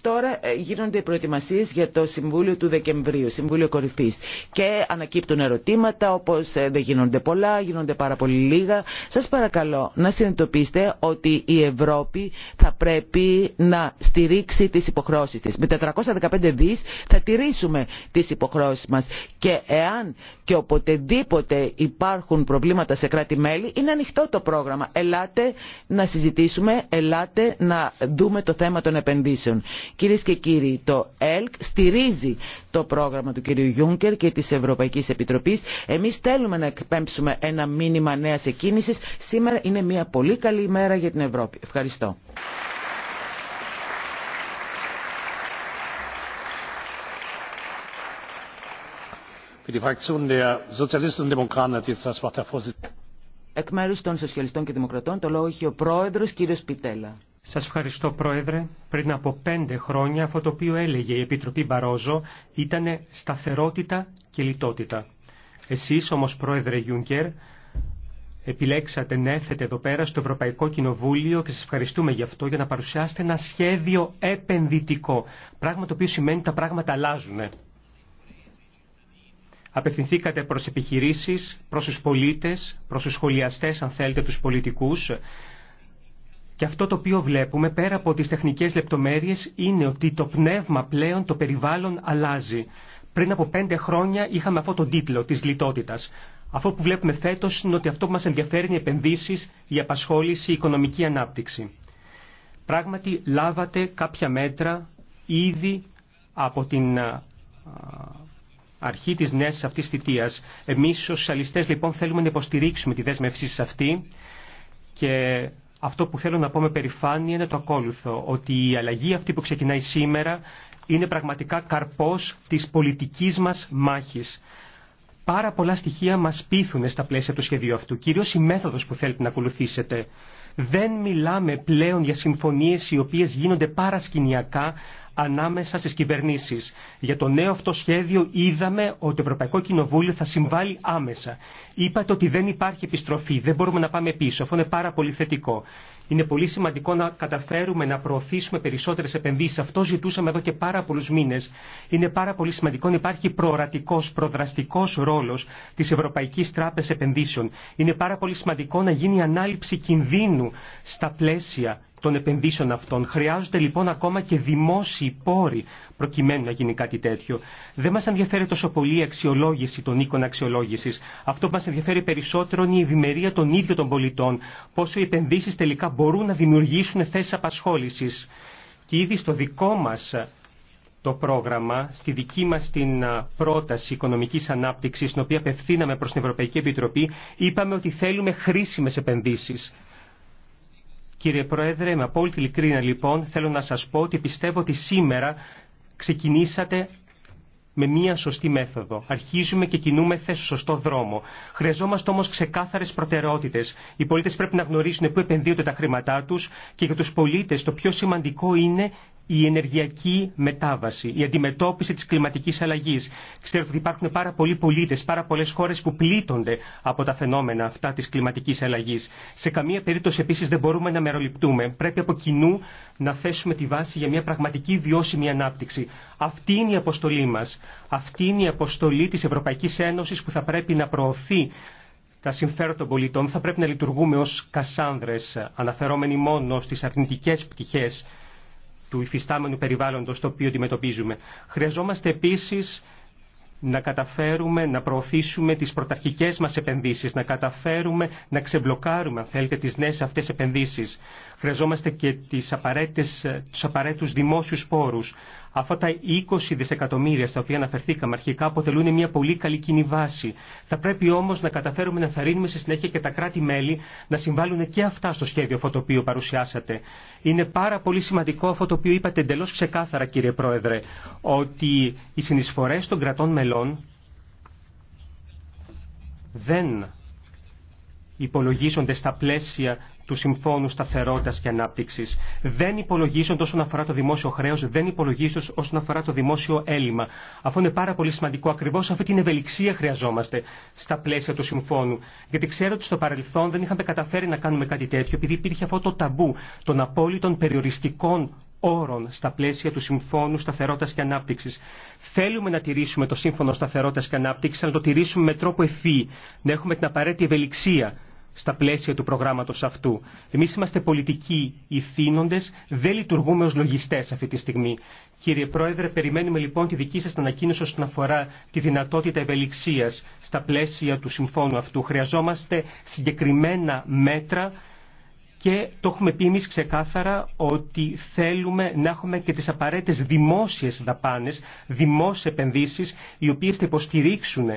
Τώρα ε, γίνονται οι προετοιμασίες για το Συμβούλιο του Δεκεμβρίου, Συμβούλιο Κορυφής. Και ανακύπτουν ερωτήματα όπως ε, δεν γίνονται πολλά, γίνονται πάρα πολύ λίγα. Σας παρακαλώ να συνειδητοποιήσετε ότι η Ευρώπη θα πρέπει να στηρίξει τις υποχρώσεις της. Με τα 415 δις θα τηρήσουμε τις υποχρώσεις μας. Και εάν και οποτεδήποτε υπάρχουν προβλήματα σε κράτη-μέλη, είναι ανοιχτό το πρόγραμμα. Ελάτε να συζητήσουμε, ελάτε να δούμε το θέμα των επενδύσεων. Κυρίες και κύριοι, το ΕΛΚ στηρίζει το πρόγραμμα του κυρίου Γιούγκερ και της Ευρωπαϊκής Επιτροπής. Εμείς θέλουμε να εκπέμψουμε ένα μήνυμα νέα εκκίνησης. Σήμερα είναι μια πολύ καλή ημέρα για την Ευρώπη. Ευχαριστώ. Εκ μέρους των Σοσιαλιστών και Δημοκρατών το λόγο έχει ο πρόεδρος κύριος Πιτέλα. Σας ευχαριστώ Πρόεδρε. Πριν από πέντε χρόνια αυτό το οποίο έλεγε η Επιτροπή Μπαρόζο ήταν σταθερότητα και λιτότητα. Εσείς όμως Πρόεδρε Γιούνκερ επιλέξατε να έρθετε εδώ πέρα στο Ευρωπαϊκό Κοινοβούλιο και σας ευχαριστούμε γι' αυτό για να παρουσιάσετε ένα σχέδιο επενδυτικό. Πράγμα το οποίο σημαίνει ότι τα πράγματα αλλάζουν. Απευθυνθήκατε προς επιχειρήσεις, προς τους πολίτες, προς τους σχολιαστές αν θέλετε τους πολιτικούς και αυτό το οποίο βλέπουμε πέρα από τις τεχνικές λεπτομέρειες είναι ότι το πνεύμα πλέον, το περιβάλλον αλλάζει. Πριν από πέντε χρόνια είχαμε αυτό τον τίτλο της λιτότητας. Αυτό που βλέπουμε φέτος είναι ότι αυτό που μας ενδιαφέρει είναι οι επενδύσεις, η απασχόληση, η οικονομική ανάπτυξη. Πράγματι λάβατε κάποια μέτρα ήδη από την αρχή της νέας αυτής θητείας. Εμείς οι σοσιαλιστές λοιπόν θέλουμε να υποστηρίξουμε τη δέσμευσή σας αυτή και αυτό που θέλω να πω με περηφάνεια είναι το ακόλουθο, ότι η αλλαγή αυτή που ξεκινάει σήμερα είναι πραγματικά καρπός της πολιτικής μας μάχης. Πάρα πολλά στοιχεία μας πείθουν στα πλαίσια του σχεδίου αυτού, κυρίως η μέθοδος που θέλετε να ακολουθήσετε. Δεν μιλάμε πλέον για συμφωνίες οι οποίες γίνονται παρασκηνιακά ανάμεσα στις κυβερνήσεις. Για το νέο αυτό σχέδιο είδαμε ότι το Ευρωπαϊκό Κοινοβούλιο θα συμβάλλει άμεσα. Είπατε ότι δεν υπάρχει επιστροφή, δεν μπορούμε να πάμε πίσω. Αυτό είναι πάρα πολύ θετικό. Είναι πολύ σημαντικό να καταφέρουμε να προωθήσουμε περισσότερε επενδύσει. Αυτό ζητούσαμε εδώ και πάρα πολλού μήνε. Είναι πάρα πολύ σημαντικό να υπάρχει προορατικό, προδραστικό ρόλο τη Ευρωπαϊκή Τράπεζα Επενδύσεων. Είναι πάρα πολύ σημαντικό να γίνει ανάληψη κινδύνου στα πλαίσια των επενδύσεων αυτών. Χρειάζονται λοιπόν ακόμα και δημόσιοι πόροι προκειμένου να γίνει κάτι τέτοιο. Δεν μα ενδιαφέρει τόσο πολύ η αξιολόγηση των οίκων αξιολόγηση. Αυτό που μα ενδιαφέρει περισσότερο είναι η ευημερία των ίδιων των πολιτών. Πόσο οι επενδύσει τελικά μπορούν να δημιουργήσουν θέσει απασχόληση. Και ήδη στο δικό μα ε, το πρόγραμμα, στη δική μα την ε, πρόταση οικονομική ανάπτυξη, την οποία απευθύναμε προ την Ευρωπαϊκή Επιτροπή, είπαμε ότι θέλουμε χρήσιμε επενδύσει. Κύριε Πρόεδρε, με απόλυτη ειλικρίνα λοιπόν θέλω να σας πω ότι πιστεύω ότι σήμερα ξεκινήσατε με μία σωστή μέθοδο. Αρχίζουμε και κινούμε στο σωστό δρόμο. Χρειαζόμαστε όμως ξεκάθαρες προτεραιότητες. Οι πολίτες πρέπει να γνωρίσουν πού επενδύονται τα χρήματά τους και για τους πολίτες το πιο σημαντικό είναι η ενεργειακή μετάβαση, η αντιμετώπιση της κλιματικής αλλαγής. ξέρω ότι υπάρχουν πάρα πολλοί πολίτες, πάρα πολλές χώρες που πλήττονται από τα φαινόμενα αυτά της κλιματικής αλλαγής. Σε καμία περίπτωση επίσης δεν μπορούμε να μεροληπτούμε. Πρέπει από κοινού να θέσουμε τη βάση για μια πραγματική βιώσιμη ανάπτυξη. Αυτή είναι η αποστολή μας. Αυτή είναι η αποστολή της Ευρωπαϊκής Ένωσης που θα πρέπει να προωθεί τα συμφέροντα των πολιτών. Θα πρέπει να λειτουργούμε ως κασάνδρες, αναφερόμενοι μόνο στις αρνητικές πτυχές του υφιστάμενου περιβάλλοντος το οποίο αντιμετωπίζουμε. Χρειαζόμαστε επίσης να καταφέρουμε να προωθήσουμε τις πρωταρχικές μας επενδύσεις, να καταφέρουμε να ξεμπλοκάρουμε, αν θέλετε, τις νέες αυτές επενδύσεις. Χρειαζόμαστε και τις τους απαραίτητους δημόσιους πόρους. Αυτά τα 20 δισεκατομμύρια στα οποία αναφερθήκαμε αρχικά αποτελούν μια πολύ καλή κοινή βάση. Θα πρέπει όμω να καταφέρουμε να θαρρύνουμε στη συνέχεια και τα κράτη-μέλη να συμβάλλουν και αυτά στο σχέδιο αυτό το οποίο παρουσιάσατε. Είναι πάρα πολύ σημαντικό αυτό το οποίο είπατε εντελώ ξεκάθαρα, κύριε Πρόεδρε, ότι οι συνεισφορέ των κρατών μελών δεν υπολογίζονται στα πλαίσια του Συμφώνου Σταθερότητα και Ανάπτυξη. Δεν υπολογίζονται όσον αφορά το δημόσιο χρέο, δεν υπολογίζονται όσον αφορά το δημόσιο έλλειμμα. Αυτό είναι πάρα πολύ σημαντικό. Ακριβώ αυτή την ευελιξία χρειαζόμαστε στα πλαίσια του Συμφώνου. Γιατί ξέρω ότι στο παρελθόν δεν είχαμε καταφέρει να κάνουμε κάτι τέτοιο, επειδή υπήρχε αυτό το ταμπού των απόλυτων περιοριστικών όρων στα πλαίσια του Συμφώνου Σταθερότητα και Ανάπτυξη. Θέλουμε να τηρήσουμε το Σύμφωνο Σταθερότητα και Ανάπτυξη, αλλά να το τηρήσουμε με τρόπο ευφύ, να έχουμε την απαραίτητη ευελιξία στα πλαίσια του προγράμματος αυτού. Εμείς είμαστε πολιτικοί ηθήνοντες, δεν λειτουργούμε ως λογιστές αυτή τη στιγμή. Κύριε Πρόεδρε, περιμένουμε λοιπόν τη δική σας ανακοίνωση όσον αφορά τη δυνατότητα ευελιξίας στα πλαίσια του συμφώνου αυτού. Χρειαζόμαστε συγκεκριμένα μέτρα και το έχουμε πει εμείς ξεκάθαρα ότι θέλουμε να έχουμε και τις απαραίτητες δημόσιες δαπάνες, δημόσιες επενδύσεις, οι οποίες θα υποστηρίξουν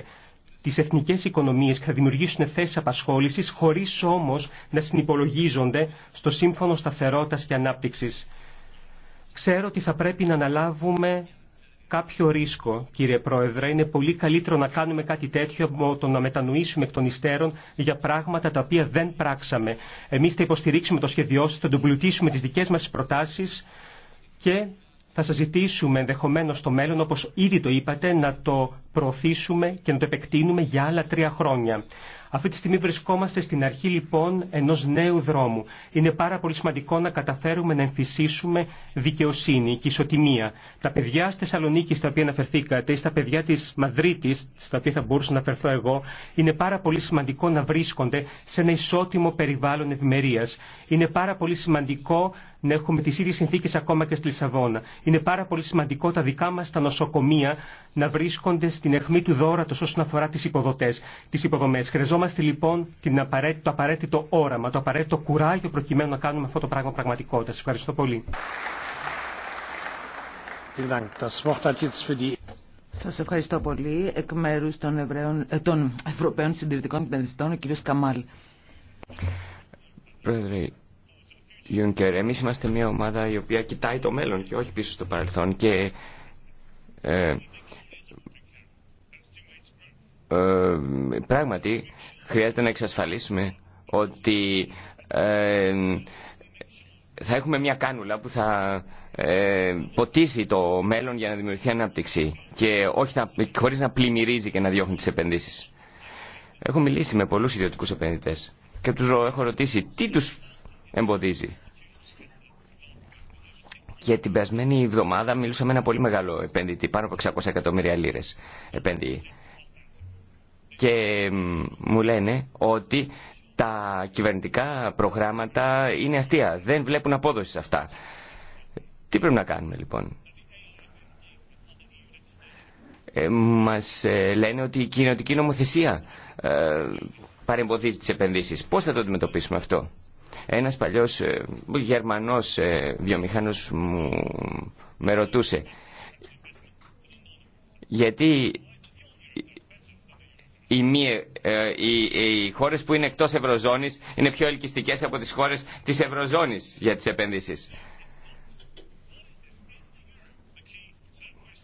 τι εθνικέ οικονομίες και θα δημιουργήσουν θέσεις απασχόλησης χωρίς όμως να συνυπολογίζονται στο Σύμφωνο Σταθερότητας και Ανάπτυξης. Ξέρω ότι θα πρέπει να αναλάβουμε κάποιο ρίσκο, κύριε Πρόεδρε. Είναι πολύ καλύτερο να κάνουμε κάτι τέτοιο από το να μετανοήσουμε εκ των υστέρων για πράγματα τα οποία δεν πράξαμε. Εμεί θα υποστηρίξουμε το σχεδιό σα, θα τον πλουτίσουμε τις δικές μας προτάσεις και θα σας ζητήσουμε ενδεχομένω στο μέλλον, όπως ήδη το είπατε, να το προωθήσουμε και να το επεκτείνουμε για άλλα τρία χρόνια. Αυτή τη στιγμή βρισκόμαστε στην αρχή λοιπόν ενός νέου δρόμου. Είναι πάρα πολύ σημαντικό να καταφέρουμε να εμφυσίσουμε δικαιοσύνη και ισοτιμία. Τα παιδιά στη Θεσσαλονίκη στα οποία αναφερθήκατε ή στα παιδιά της Μαδρίτης, στα οποία θα μπορούσα να αναφερθώ εγώ, είναι πάρα πολύ σημαντικό να βρίσκονται σε ένα ισότιμο περιβάλλον ευημερία. Είναι πάρα πολύ σημαντικό να έχουμε τι ίδιε συνθήκε ακόμα και στη Λισαβόνα. Είναι πάρα πολύ σημαντικό τα δικά μα τα νοσοκομεία να βρίσκονται στην αιχμή του δόρατο όσον αφορά τι υποδοτέ, υποδομέ. Χρειαζόμαστε λοιπόν την απαραίτητο, το απαραίτητο όραμα, το απαραίτητο κουράγιο προκειμένου να κάνουμε αυτό το πράγμα πραγματικότητα. Σα ευχαριστώ πολύ. Σα ευχαριστώ πολύ. Εκ μέρου ε, των, Ευρωπαίων Συντηρητικών Κοινωνιστών, ο κ. Καμάλ. Πρόεδρε, Juncker. Εμείς είμαστε μια ομάδα η οποία κοιτάει το μέλλον και όχι πίσω στο παρελθόν και ε, ε, πράγματι χρειάζεται να εξασφαλίσουμε ότι ε, θα έχουμε μια κάνουλα που θα ε, ποτίσει το μέλλον για να δημιουργηθεί ανάπτυξη και όχι να, χωρίς να πλημμυρίζει και να διώχνει τις επενδύσεις. Έχω μιλήσει με πολλούς ιδιωτικούς επενδυτές και τους έχω ρωτήσει τι τους εμποδίζει. Και την περασμένη εβδομάδα μίλουσα με ένα πολύ μεγάλο επένδυτη, πάνω από 600 εκατομμύρια λίρες επένδυη. Και μου λένε ότι τα κυβερνητικά προγράμματα είναι αστεία, δεν βλέπουν απόδοση σε αυτά. Τι πρέπει να κάνουμε λοιπόν. Ε, μας ε, λένε ότι η κοινωτική νομοθεσία ε, παρεμποδίζει τις επενδύσεις. Πώς θα το αντιμετωπίσουμε αυτό. Ένας παλιός ε, γερμανός ε, βιομηχάνος μου με ρωτούσε γιατί οι, μη, ε, οι, οι χώρες που είναι εκτός Ευρωζώνης είναι πιο ελκυστικές από τις χώρες της Ευρωζώνης για τις επενδύσεις.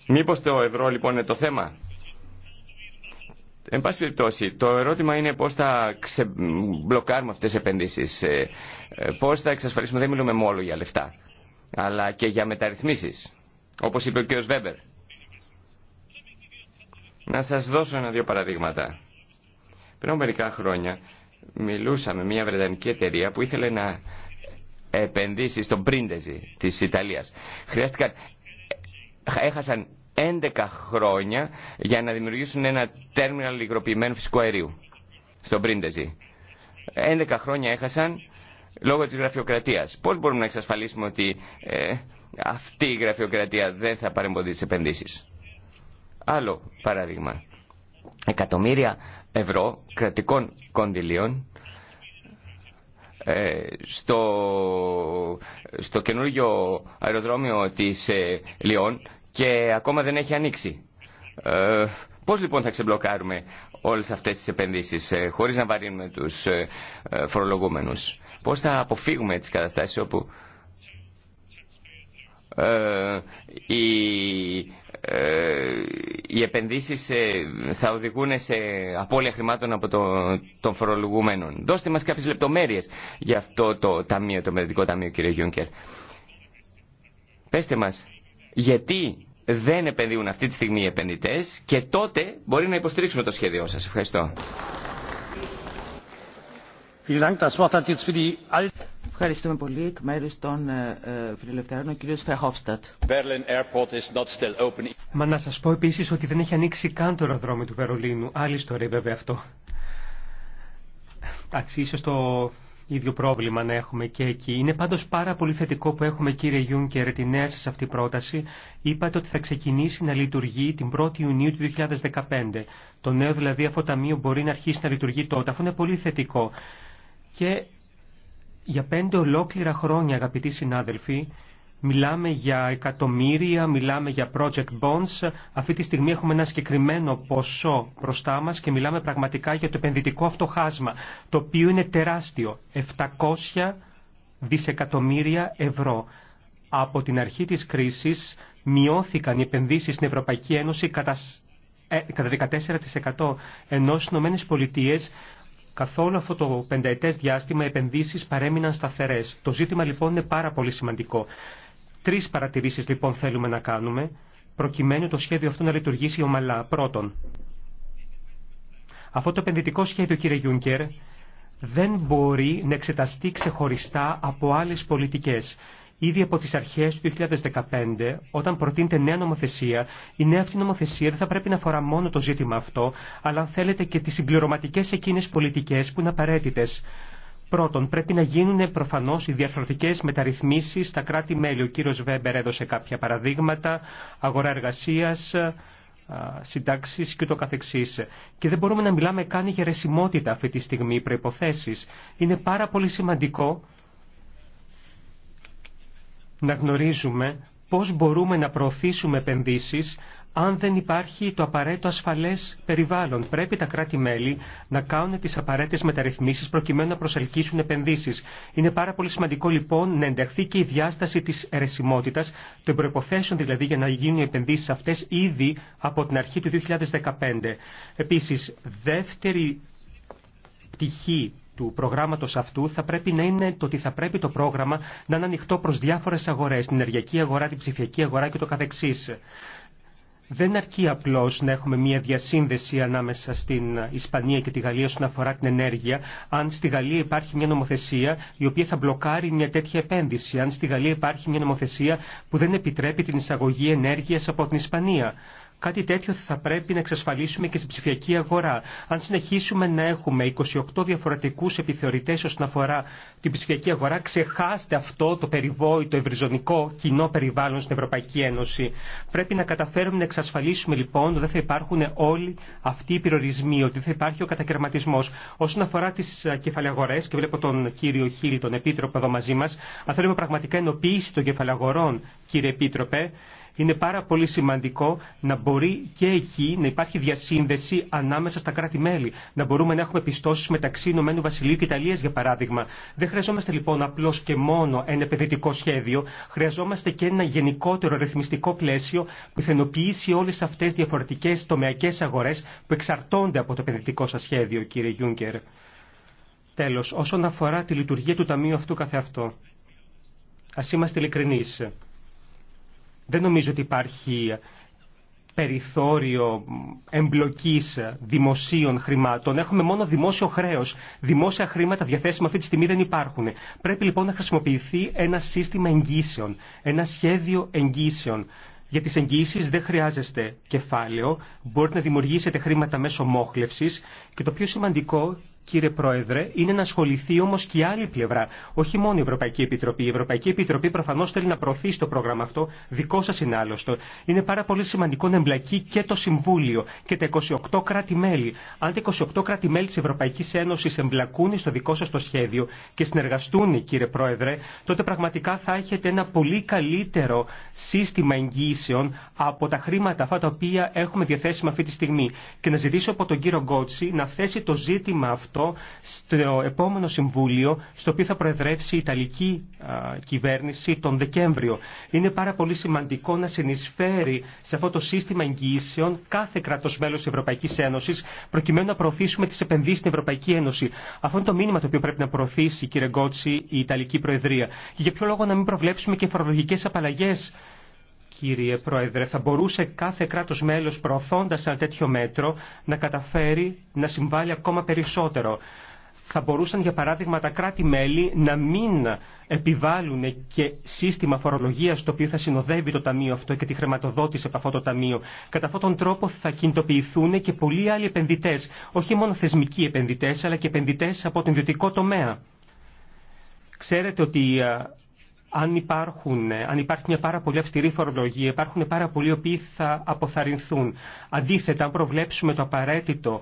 Μήπως το ευρώ λοιπόν είναι το θέμα. Εν πάση περιπτώσει, το ερώτημα είναι πώς θα ξεμπλοκάρουμε μπλοκάρουμε αυτές τις επενδύσεις, ε, ε, πώς θα εξασφαλίσουμε, δεν μιλούμε μόνο για λεφτά, αλλά και για μεταρρυθμίσεις, όπως είπε ο κ. Βέμπερ. Να σας δώσω ένα-δύο παραδείγματα. Πριν μερικά χρόνια μιλούσαμε με μια βρετανική εταιρεία που ήθελε να επενδύσει στον Πρίντεζι της Ιταλίας. Χρειάστηκαν, ε, έχασαν 11 χρόνια για να δημιουργήσουν ένα τέρμιναλ υγροποιημένου φυσικού αερίου στον Πρίντεζι. 11 χρόνια έχασαν λόγω της γραφειοκρατίας. Πώς μπορούμε να εξασφαλίσουμε ότι ε, αυτή η γραφειοκρατία δεν θα παρεμποδίσει τις επενδύσεις. Άλλο παράδειγμα. Εκατομμύρια ευρώ κρατικών κονδυλίων ε, στο, στο καινούργιο αεροδρόμιο της ε, Λιών και ακόμα δεν έχει ανοίξει. Ε, πώς λοιπόν θα ξεμπλοκάρουμε όλες αυτές τις επενδύσεις ε, χωρίς να βαρύνουμε τους ε, ε φορολογούμενους. Πώς θα αποφύγουμε τις καταστάσεις όπου ε, οι, ε, οι επενδύσεις θα οδηγούν σε απώλεια χρημάτων από τον των φορολογούμενων. Δώστε μας κάποιες λεπτομέρειες για αυτό το ταμείο, το ταμείο κύριε Γιούνκερ. Πέστε μας γιατί δεν επενδύουν αυτή τη στιγμή οι επενδυτές και τότε μπορεί να υποστηρίξουμε το σχέδιό σας. Ευχαριστώ. Ευχαριστούμε πολύ. Εκ μέρου των ε, ε, φιλελευθερών, ο κύριος Φεχόφστατ. Μα να σα πω επίση ότι δεν έχει ανοίξει καν το αεροδρόμιο του Βερολίνου. Άλλη ιστορία βέβαια αυτό. Εντάξει, ίσω το ίδιο πρόβλημα να έχουμε και εκεί. Είναι πάντως πάρα πολύ θετικό που έχουμε κύριε Γιούνκερ τη νέα σας αυτή πρόταση. Είπατε ότι θα ξεκινήσει να λειτουργεί την 1η Ιουνίου του 2015. Το νέο δηλαδή αυτό ταμείο μπορεί να αρχίσει να λειτουργεί τότε. Αυτό είναι πολύ θετικό. Και για πέντε ολόκληρα χρόνια αγαπητοί συνάδελφοι Μιλάμε για εκατομμύρια, μιλάμε για project bonds. Αυτή τη στιγμή έχουμε ένα συγκεκριμένο ποσό μπροστά μας και μιλάμε πραγματικά για το επενδυτικό αυτό χάσμα, το οποίο είναι τεράστιο, 700 δισεκατομμύρια ευρώ. Από την αρχή της κρίσης μειώθηκαν οι επενδύσεις στην Ευρωπαϊκή Ένωση κατά 14% ε, ενώ στις Ηνωμένες Πολιτείες καθόλου αυτό το πενταετές διάστημα οι επενδύσεις παρέμειναν σταθερές. Το ζήτημα λοιπόν είναι πάρα πολύ σημαντικό. Τρει παρατηρήσεις λοιπόν θέλουμε να κάνουμε, προκειμένου το σχέδιο αυτό να λειτουργήσει ομαλά. Πρώτον, αυτό το επενδυτικό σχέδιο, κύριε Γιούνκερ, δεν μπορεί να εξεταστεί ξεχωριστά από άλλες πολιτικές. Ήδη από τις αρχές του 2015, όταν προτείνεται νέα νομοθεσία, η νέα αυτή νομοθεσία δεν θα πρέπει να αφορά μόνο το ζήτημα αυτό, αλλά αν θέλετε και τι συμπληρωματικέ εκείνε πολιτικέ που είναι απαραίτητε. Πρώτον, πρέπει να γίνουν προφανώ οι διαφορετικέ μεταρρυθμίσει στα κράτη-μέλη. Ο κύριο Βέμπερ έδωσε κάποια παραδείγματα, αγορά εργασία, συντάξει και το καθεξής. Και δεν μπορούμε να μιλάμε καν για ρεσιμότητα αυτή τη στιγμή, οι προϋποθέσεις. Είναι πάρα πολύ σημαντικό να γνωρίζουμε πώς μπορούμε να προωθήσουμε επενδύσεις αν δεν υπάρχει το απαραίτητο ασφαλές περιβάλλον. Πρέπει τα κράτη-μέλη να κάνουν τις απαραίτητες μεταρρυθμίσεις προκειμένου να προσελκύσουν επενδύσεις. Είναι πάρα πολύ σημαντικό λοιπόν να ενταχθεί και η διάσταση της αιρεσιμότητας, των προϋποθέσεων δηλαδή για να γίνουν οι επενδύσεις αυτές ήδη από την αρχή του 2015. Επίσης, δεύτερη πτυχή του προγράμματο αυτού θα πρέπει να είναι το ότι θα πρέπει το πρόγραμμα να είναι ανοιχτό προ διάφορε αγορέ, την ενεργειακή αγορά, την ψηφιακή αγορά και το καθεξής. Δεν αρκεί απλώς να έχουμε μια διασύνδεση ανάμεσα στην Ισπανία και τη Γαλλία όσον αφορά την ενέργεια, αν στη Γαλλία υπάρχει μια νομοθεσία η οποία θα μπλοκάρει μια τέτοια επένδυση, αν στη Γαλλία υπάρχει μια νομοθεσία που δεν επιτρέπει την εισαγωγή ενέργειας από την Ισπανία. Κάτι τέτοιο θα πρέπει να εξασφαλίσουμε και στην ψηφιακή αγορά. Αν συνεχίσουμε να έχουμε 28 διαφορετικού επιθεωρητέ όσον αφορά την ψηφιακή αγορά, ξεχάστε αυτό το περιβόητο ευρυζωνικό κοινό περιβάλλον στην Ευρωπαϊκή Ένωση. Πρέπει να καταφέρουμε να εξασφαλίσουμε λοιπόν ότι δεν θα υπάρχουν όλοι αυτοί οι περιορισμοί, ότι δεν θα υπάρχει ο κατακαιρματισμό. Όσον αφορά τι ε, κεφαλαγορέ, και βλέπω τον κύριο Χίλ, τον επίτροπο εδώ μαζί μα, αν θέλουμε πραγματικά ενοποίηση των κεφαλαγορών, κύριε επίτροπε, είναι πάρα πολύ σημαντικό να μπορεί και εκεί να υπάρχει διασύνδεση ανάμεσα στα κράτη-μέλη. Να μπορούμε να έχουμε πιστώσει μεταξύ Ηνωμένου Βασιλείου και Ιταλία, για παράδειγμα. Δεν χρειαζόμαστε λοιπόν απλώ και μόνο ένα επενδυτικό σχέδιο. Χρειαζόμαστε και ένα γενικότερο ρυθμιστικό πλαίσιο που θενοποιήσει όλε αυτέ τι διαφορετικέ τομεακέ αγορέ που εξαρτώνται από το επενδυτικό σα σχέδιο, κύριε Γιούγκερ. Τέλο, όσον αφορά τη λειτουργία του Ταμείου αυτού καθεαυτό. Α είμαστε ειλικρινεί. Δεν νομίζω ότι υπάρχει περιθώριο εμπλοκής δημοσίων χρημάτων. Έχουμε μόνο δημόσιο χρέος. Δημόσια χρήματα διαθέσιμα αυτή τη στιγμή δεν υπάρχουν. Πρέπει λοιπόν να χρησιμοποιηθεί ένα σύστημα εγγύσεων, ένα σχέδιο εγγύσεων. Για τις εγγύσει δεν χρειάζεστε κεφάλαιο, μπορείτε να δημιουργήσετε χρήματα μέσω μόχλευσης και το πιο σημαντικό κύριε Πρόεδρε, είναι να ασχοληθεί όμω και η άλλη πλευρά, όχι μόνο η Ευρωπαϊκή Επιτροπή. Η Ευρωπαϊκή Επιτροπή προφανώ θέλει να προωθήσει το πρόγραμμα αυτό, δικό σα είναι άλλωστε. Είναι πάρα πολύ σημαντικό να εμπλακεί και το Συμβούλιο και τα 28 κράτη-μέλη. Αν τα 28 κράτη-μέλη τη Ευρωπαϊκή Ένωση εμπλακούν στο δικό σα το σχέδιο και συνεργαστούν, κύριε Πρόεδρε, τότε πραγματικά θα έχετε ένα πολύ καλύτερο σύστημα εγγύσεων από τα χρήματα αυτά τα οποία έχουμε διαθέσιμα αυτή τη στιγμή. Και να ζητήσω από τον κύριο Γκότσι να θέσει το ζήτημα αυτό στο επόμενο Συμβούλιο, στο οποίο θα προεδρεύσει η Ιταλική κυβέρνηση τον Δεκέμβριο. Είναι πάρα πολύ σημαντικό να συνεισφέρει σε αυτό το σύστημα εγγυήσεων κάθε κράτο μέλο τη Ευρωπαϊκή Ένωση, προκειμένου να προωθήσουμε τι επενδύσει στην Ευρωπαϊκή Ένωση. Αυτό είναι το μήνυμα το οποίο πρέπει να προωθήσει, κύριε Γκότση, η Ιταλική Προεδρία. Και για ποιο λόγο να μην προβλέψουμε και φορολογικέ απαλλαγέ κύριε Πρόεδρε. Θα μπορούσε κάθε κράτος μέλος προωθώντας ένα τέτοιο μέτρο να καταφέρει να συμβάλλει ακόμα περισσότερο. Θα μπορούσαν για παράδειγμα τα κράτη-μέλη να μην επιβάλλουν και σύστημα φορολογίας το οποίο θα συνοδεύει το ταμείο αυτό και τη χρηματοδότηση από αυτό το ταμείο. Κατά αυτόν τον τρόπο θα κινητοποιηθούν και πολλοί άλλοι επενδυτές, όχι μόνο θεσμικοί επενδυτές αλλά και επενδυτές από τον ιδιωτικό τομέα. Ξέρετε ότι αν, υπάρχουν, ε, αν υπάρχει μια πάρα πολύ αυστηρή φορολογία, υπάρχουν πάρα πολλοί οποίοι θα αποθαρρυνθούν. Αντίθετα, αν προβλέψουμε το απαραίτητο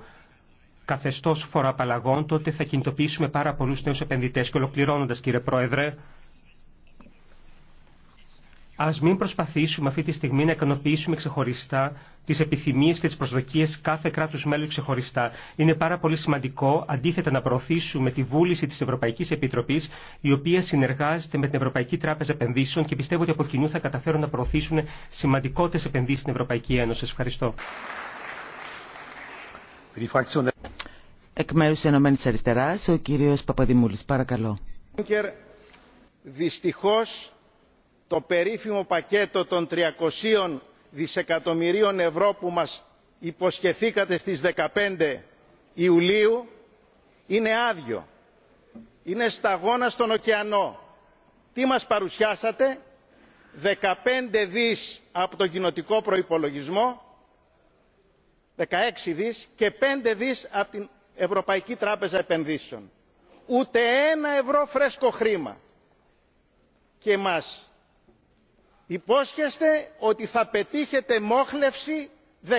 καθεστώς φοροαπαλλαγών, τότε θα κινητοποιήσουμε πάρα πολλού νέου επενδυτέ Και ολοκληρώνοντα, κύριε Πρόεδρε, Ας μην προσπαθήσουμε αυτή τη στιγμή να ικανοποιήσουμε ξεχωριστά τις επιθυμίες και τις προσδοκίες κάθε κράτους μέλου ξεχωριστά. Είναι πάρα πολύ σημαντικό αντίθετα να προωθήσουμε τη βούληση της Ευρωπαϊκής Επιτροπής η οποία συνεργάζεται με την Ευρωπαϊκή Τράπεζα Επενδύσεων και πιστεύω ότι από κοινού θα καταφέρουν να προωθήσουν σημαντικότερε επενδύσεις στην Ευρωπαϊκή Ένωση. Ευχαριστώ. Εκ ο Παρακαλώ το περίφημο πακέτο των 300 δισεκατομμυρίων ευρώ που μας υποσχεθήκατε στις 15 Ιουλίου είναι άδειο. Είναι σταγόνα στον ωκεανό. Τι μας παρουσιάσατε 15 δις από τον κοινοτικό προϋπολογισμό 16 δις και 5 δις από την Ευρωπαϊκή Τράπεζα Επενδύσεων. Ούτε ένα ευρώ φρέσκο χρήμα. Και μας υπόσχεστε ότι θα πετύχετε μόχλευση 15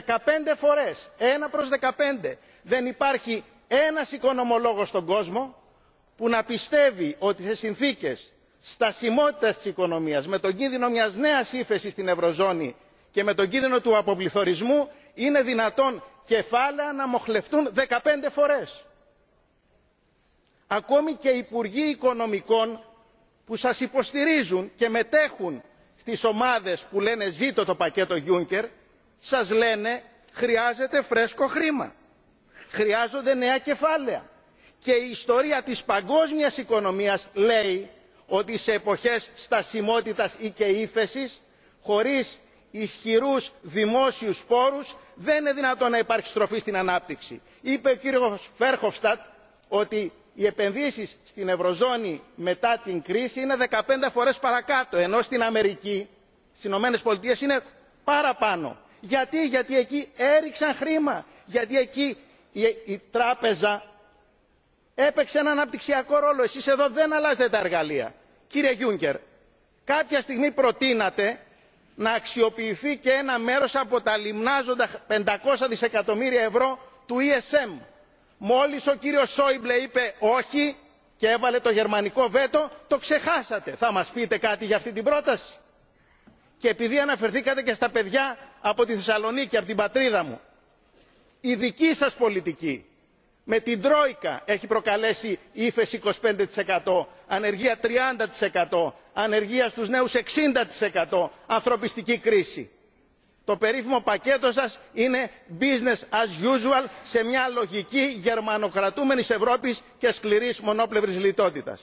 φορές, 1 προς 15. Δεν υπάρχει ένας οικονομολόγος στον κόσμο που να πιστεύει ότι σε συνθήκες στασιμότητας της οικονομίας με τον κίνδυνο μιας νέας ύφεσης στην ευρωζώνη και με τον κίνδυνο του αποπληθωρισμού είναι δυνατόν κεφάλαια να μοχλευτούν 15 φορές. Ακόμη και οι Υπουργοί Οικονομικών που σας υποστηρίζουν και μετέχουν στις ομάδες που λένε ζήτω το πακέτο juncker σας λένε χρειάζεται φρέσκο χρήμα χρειάζονται νέα κεφάλαια και η ιστορία της παγκόσμιας οικονομίας λέει ότι σε εποχές στασιμότητας ή και ύφεσης χωρίς ισχυρούς δημόσιους πόρους δεν είναι δυνατόν να υπάρξει στροφή στην ανάπτυξη. είπε ο κύριος Φέρχοφστατ ότι οι επενδύσεις στην ευρωζώνη μετά την κρίση είναι 15 φορές παρακάτω ενώ στην Αμερική, στις Ηνωμένες Πολιτείες είναι παραπάνω. Γιατί, γιατί εκεί έριξαν χρήμα, γιατί εκεί η, τράπεζα έπαιξε ένα αναπτυξιακό ρόλο. Εσείς εδώ δεν αλλάζετε τα εργαλεία. Κύριε Γιούγκερ, κάποια στιγμή προτείνατε να αξιοποιηθεί και ένα μέρος από τα λιμνάζοντα 500 δισεκατομμύρια ευρώ του ESM μόλις ο κύριος Σόιμπλε είπε όχι και έβαλε το γερμανικό βέτο, το ξεχάσατε. Θα μας πείτε κάτι για αυτή την πρόταση. Και επειδή αναφερθήκατε και στα παιδιά από τη Θεσσαλονίκη, από την πατρίδα μου, η δική σας πολιτική με την Τρόικα έχει προκαλέσει ύφεση 25%, ανεργία 30%, ανεργία στους νέους 60%, ανθρωπιστική κρίση το περίφημο πακέτο σας είναι business as usual σε μια λογική γερμανοκρατούμενης ευρώπης και σκληρής μονόπλευρης λιτότητας.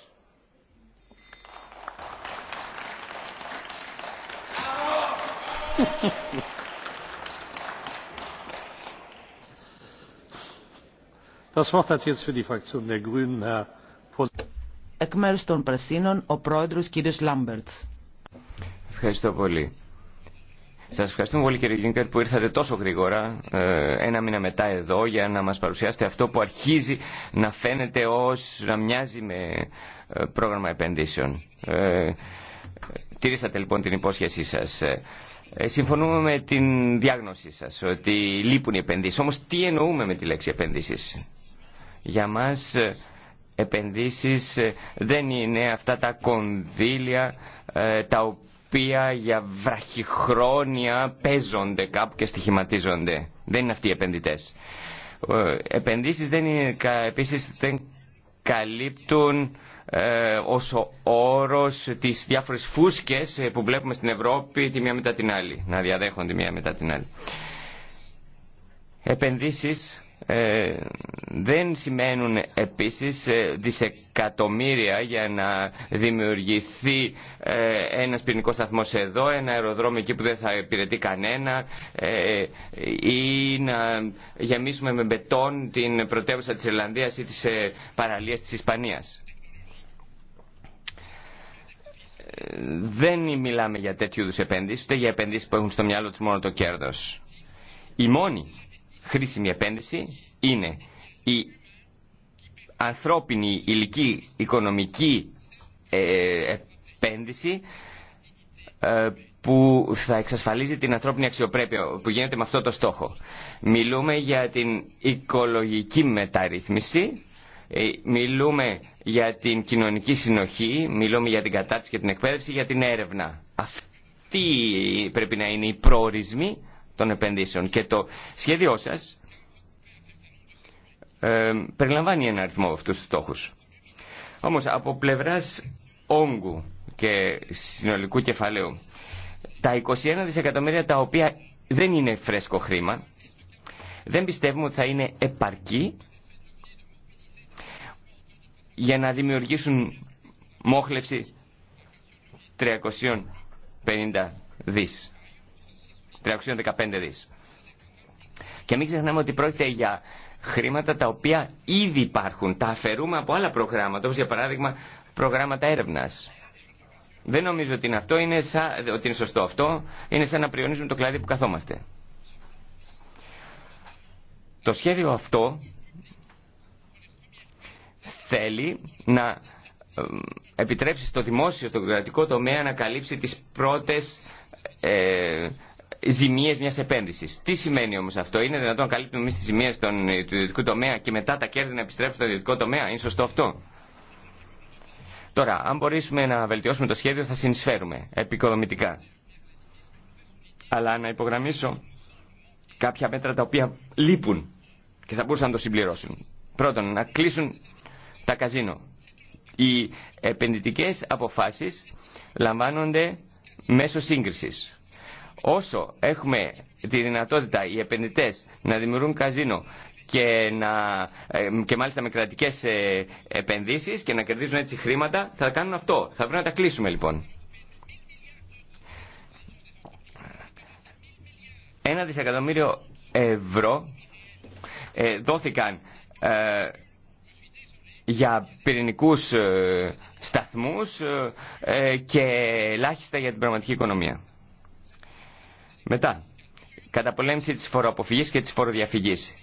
Εκ μέρους των Πρασίνων, ο πρόεδρος κύριος Λάμπερτς. Ευχαριστώ πολύ. Σας ευχαριστούμε πολύ κύριε Γιούνκερ που ήρθατε τόσο γρήγορα, ε, ένα μήνα μετά εδώ, για να μας παρουσιάσετε αυτό που αρχίζει να φαίνεται ως να μοιάζει με ε, πρόγραμμα επενδύσεων. Ε, τηρήσατε λοιπόν την υπόσχεσή σας. Συμφωνούμε με την διάγνωσή σας ότι λείπουν οι επενδύσει. Όμως τι εννοούμε με τη λέξη επενδύσεις. Για μα επενδύσεις δεν είναι αυτά τα κονδύλια τα οποία οποία για βραχυχρόνια παίζονται κάπου και στοιχηματίζονται. Δεν είναι αυτοί οι επενδυτές. Ε, επενδύσεις δεν είναι, επίσης δεν καλύπτουν ε, ως ο όρος τις διάφορες φούσκες ε, που βλέπουμε στην Ευρώπη τη μία μετά την άλλη. Να διαδέχονται τη μία μετά την άλλη. Επενδύσεις ε, δεν σημαίνουν επίσης ε, δισεκατομμύρια για να δημιουργηθεί ένα ε, ένας πυρηνικός σταθμός εδώ, ένα αεροδρόμιο εκεί που δεν θα υπηρετεί κανένα ή να γεμίσουμε με μπετόν την πρωτεύουσα της Ιρλανδίας ή τις παραλίες της Ισπανίας. Δεν μιλάμε για τέτοιου είδου επενδύσει, ούτε για επενδύσει που έχουν στο μυαλό του μόνο το κέρδο. Η μόνη χρήσιμη επένδυση είναι η ανθρώπινη, υλική οικονομική ε, επένδυση ε, που θα εξασφαλίζει την ανθρώπινη αξιοπρέπεια που γίνεται με αυτό το στόχο. Μιλούμε για την οικολογική μεταρρύθμιση, ε, μιλούμε για την κοινωνική συνοχή, μιλούμε για την κατάρτιση και την εκπαίδευση, για την έρευνα. Αυτή πρέπει να είναι η προορισμοί των επενδύσεων. Και το σχέδιό σας ε, περιλαμβάνει ένα αριθμό αυτούς τους στόχους. Όμως από πλευράς όγκου και συνολικού κεφαλαίου, τα 21 δισεκατομμύρια τα οποία δεν είναι φρέσκο χρήμα, δεν πιστεύουμε ότι θα είναι επαρκή για να δημιουργήσουν μόχλευση 350 δις. 315 δις. Και μην ξεχνάμε ότι πρόκειται για χρήματα τα οποία ήδη υπάρχουν. Τα αφαιρούμε από άλλα προγράμματα, όπως για παράδειγμα προγράμματα έρευνας. Δεν νομίζω ότι είναι, αυτό, είναι ότι είναι σωστό αυτό. Είναι σαν να πριονίζουμε το κλάδι που καθόμαστε. Το σχέδιο αυτό θέλει να ε, επιτρέψει στο δημόσιο, στον κρατικό τομέα να καλύψει τις πρώτες ε, ζημίε μια επένδυση. Τι σημαίνει όμω αυτό, Είναι δυνατόν να καλύπτουμε εμεί τι ζημίε ε, του ιδιωτικού τομέα και μετά τα κέρδη να επιστρέφουν στο ιδιωτικό τομέα, Είναι σωστό αυτό. Τώρα, αν μπορέσουμε να βελτιώσουμε το σχέδιο, θα συνεισφέρουμε επικοδομητικά. Αλλά να υπογραμμίσω κάποια μέτρα τα οποία λείπουν και θα μπορούσαν να το συμπληρώσουν. Πρώτον, να κλείσουν τα καζίνο. Οι επενδυτικές αποφάσεις λαμβάνονται μέσω σύγκριση. Όσο έχουμε τη δυνατότητα οι επενδυτές να δημιουργούν καζίνο και, να, ε, και μάλιστα με κρατικές ε, επενδύσεις και να κερδίζουν έτσι χρήματα, θα κάνουν αυτό. Θα πρέπει να τα κλείσουμε λοιπόν. Ένα δισεκατομμύριο ευρώ ε, δόθηκαν για πυρηνικούς σταθμούς και ελάχιστα για την πραγματική οικονομία. Μετά, καταπολέμηση της φοροαποφυγής και της φοροδιαφυγής.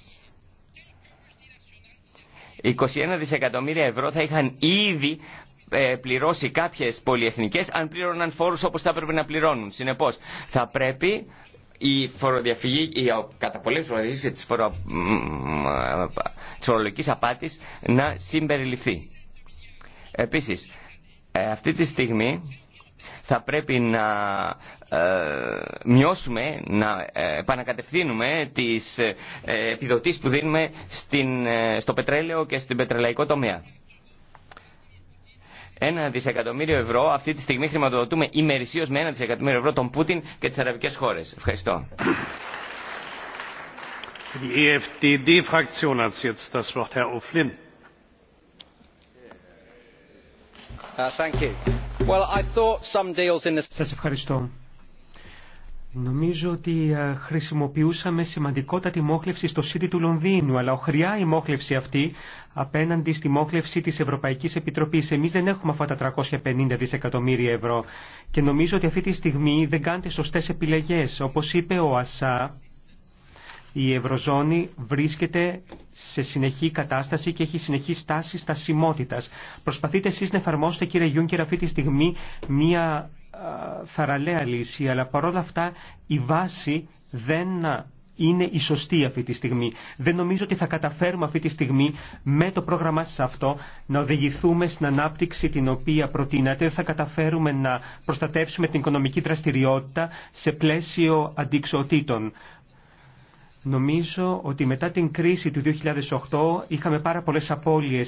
21 δισεκατομμύρια ευρώ θα είχαν ήδη ε, πληρώσει κάποιες πολυεθνικές αν πλήρωναν φόρους όπως θα έπρεπε να πληρώνουν. Συνεπώς, θα πρέπει η φοροδιαφυγή, η καταπολέμηση φοροδιαφυγής της, φορο... της φορολογικής απάτης να συμπεριληφθεί. Επίσης, ε, αυτή τη στιγμή θα πρέπει να ε, μειώσουμε, να ε, επανακατευθύνουμε τις ε, επιδοτήσεις που δίνουμε στην, στο πετρέλαιο και στην πετρελαϊκό τομέα. Ένα δισεκατομμύριο ευρώ αυτή τη στιγμή χρηματοδοτούμε ημερησίω με ένα δισεκατομμύριο ευρώ τον Πούτιν και τι αραβικέ χώρες. Ευχαριστώ. Die e Σας ευχαριστώ. Νομίζω ότι ε, χρησιμοποιούσαμε σημαντικότατη μόχλευση στο City του Λονδίνου, αλλά οχριά η μόχλευση αυτή απέναντι στη μόχλευση της Ευρωπαϊκής Επιτροπής. Εμείς δεν έχουμε αυτά τα 350 δισεκατομμύρια ευρώ και νομίζω ότι αυτή τη στιγμή δεν κάνετε σωστές επιλογές. Όπως είπε ο Ασά, η Ευρωζώνη βρίσκεται σε συνεχή κατάσταση και έχει συνεχή στάση στασιμότητας. Προσπαθείτε εσείς να εφαρμόσετε κύριε Γιούνκερ αυτή τη στιγμή μία θαραλέα λύση, αλλά παρόλα αυτά η βάση δεν είναι η σωστή αυτή τη στιγμή. Δεν νομίζω ότι θα καταφέρουμε αυτή τη στιγμή με το πρόγραμμά σας αυτό να οδηγηθούμε στην ανάπτυξη την οποία προτείνατε. Δεν θα καταφέρουμε να προστατεύσουμε την οικονομική δραστηριότητα σε πλαίσιο αντικσοτήτων. Νομίζω ότι μετά την κρίση του 2008 είχαμε πάρα πολλέ απώλειε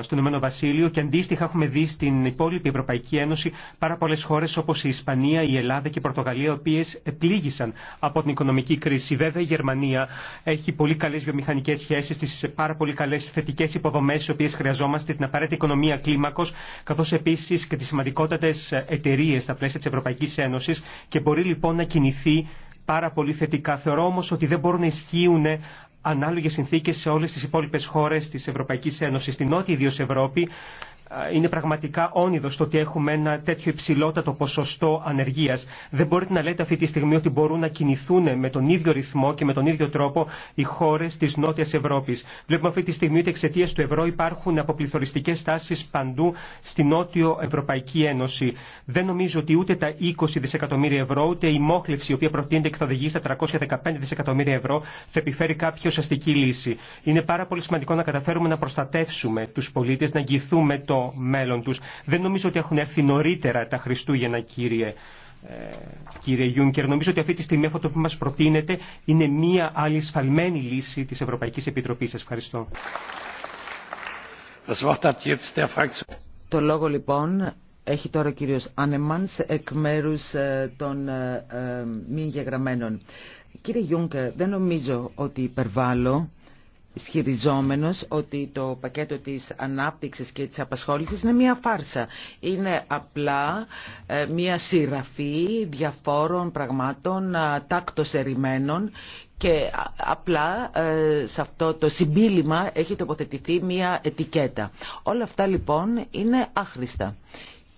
στον Ηνωμένο Βασίλειο και αντίστοιχα έχουμε δει στην υπόλοιπη Ευρωπαϊκή Ένωση πάρα πολλέ χώρε όπω η Ισπανία, η Ελλάδα και η Πορτογαλία οι οποίε επλήγησαν από την οικονομική κρίση. Βέβαια η Γερμανία έχει πολύ καλέ βιομηχανικέ σχέσει, τι πάρα πολύ καλέ θετικέ υποδομές οι οποίε χρειαζόμαστε την απαραίτητη οικονομία κλίμακο, καθώ επίση και τι σημαντικότατε εταιρείε στα πλαίσια τη Ευρωπαϊκή Ένωση και μπορεί λοιπόν να κινηθεί πάρα πολύ θετικά. Θεωρώ όμω ότι δεν μπορούν να ισχύουν ανάλογε συνθήκε σε όλε τι υπόλοιπε χώρε τη Ευρωπαϊκή Ένωση. Στην Νότια ιδίω Ευρώπη είναι πραγματικά όνειδο το ότι έχουμε ένα τέτοιο υψηλότατο ποσοστό ανεργία. Δεν μπορείτε να λέτε αυτή τη στιγμή ότι μπορούν να κινηθούν με τον ίδιο ρυθμό και με τον ίδιο τρόπο οι χώρε τη Νότια Ευρώπη. Βλέπουμε αυτή τη στιγμή ότι εξαιτία του ευρώ υπάρχουν αποπληθωριστικέ τάσει παντού στη Νότιο Ευρωπαϊκή Ένωση. Δεν νομίζω ότι ούτε τα 20 δισεκατομμύρια ευρώ, ούτε η μόχλευση η οποία προτείνεται και θα οδηγεί στα 315 δισεκατομμύρια ευρώ θα επιφέρει κάποια ουσιαστική λύση. Είναι πάρα πολύ σημαντικό να καταφέρουμε να προστατεύσουμε του πολίτε, να εγγυηθούμε το μέλλον τους. Δεν νομίζω ότι έχουν έρθει νωρίτερα τα Χριστούγεννα, κύριε, ε, κύριε Γιούνκερ. Νομίζω ότι αυτή τη στιγμή αυτό που μας προτείνεται είναι μία άλλη σφαλμένη λύση της Ευρωπαϊκής Επιτροπής. Σας ευχαριστώ. Το λόγο λοιπόν έχει τώρα ο κύριος Άνεμανς εκ μέρους ε, των ε, ε, μη εγγεγραμμένων. Κύριε Γιούνκερ, δεν νομίζω ότι υπερβάλλω ισχυριζόμενος ότι το πακέτο της ανάπτυξης και της απασχόλησης είναι μία φάρσα. Είναι απλά ε, μία σειραφή διαφόρων πραγμάτων τάκτος ερημένων και απλά ε, σε αυτό το συμπίλημα έχει τοποθετηθεί μία ετικέτα. Όλα αυτά λοιπόν είναι άχρηστα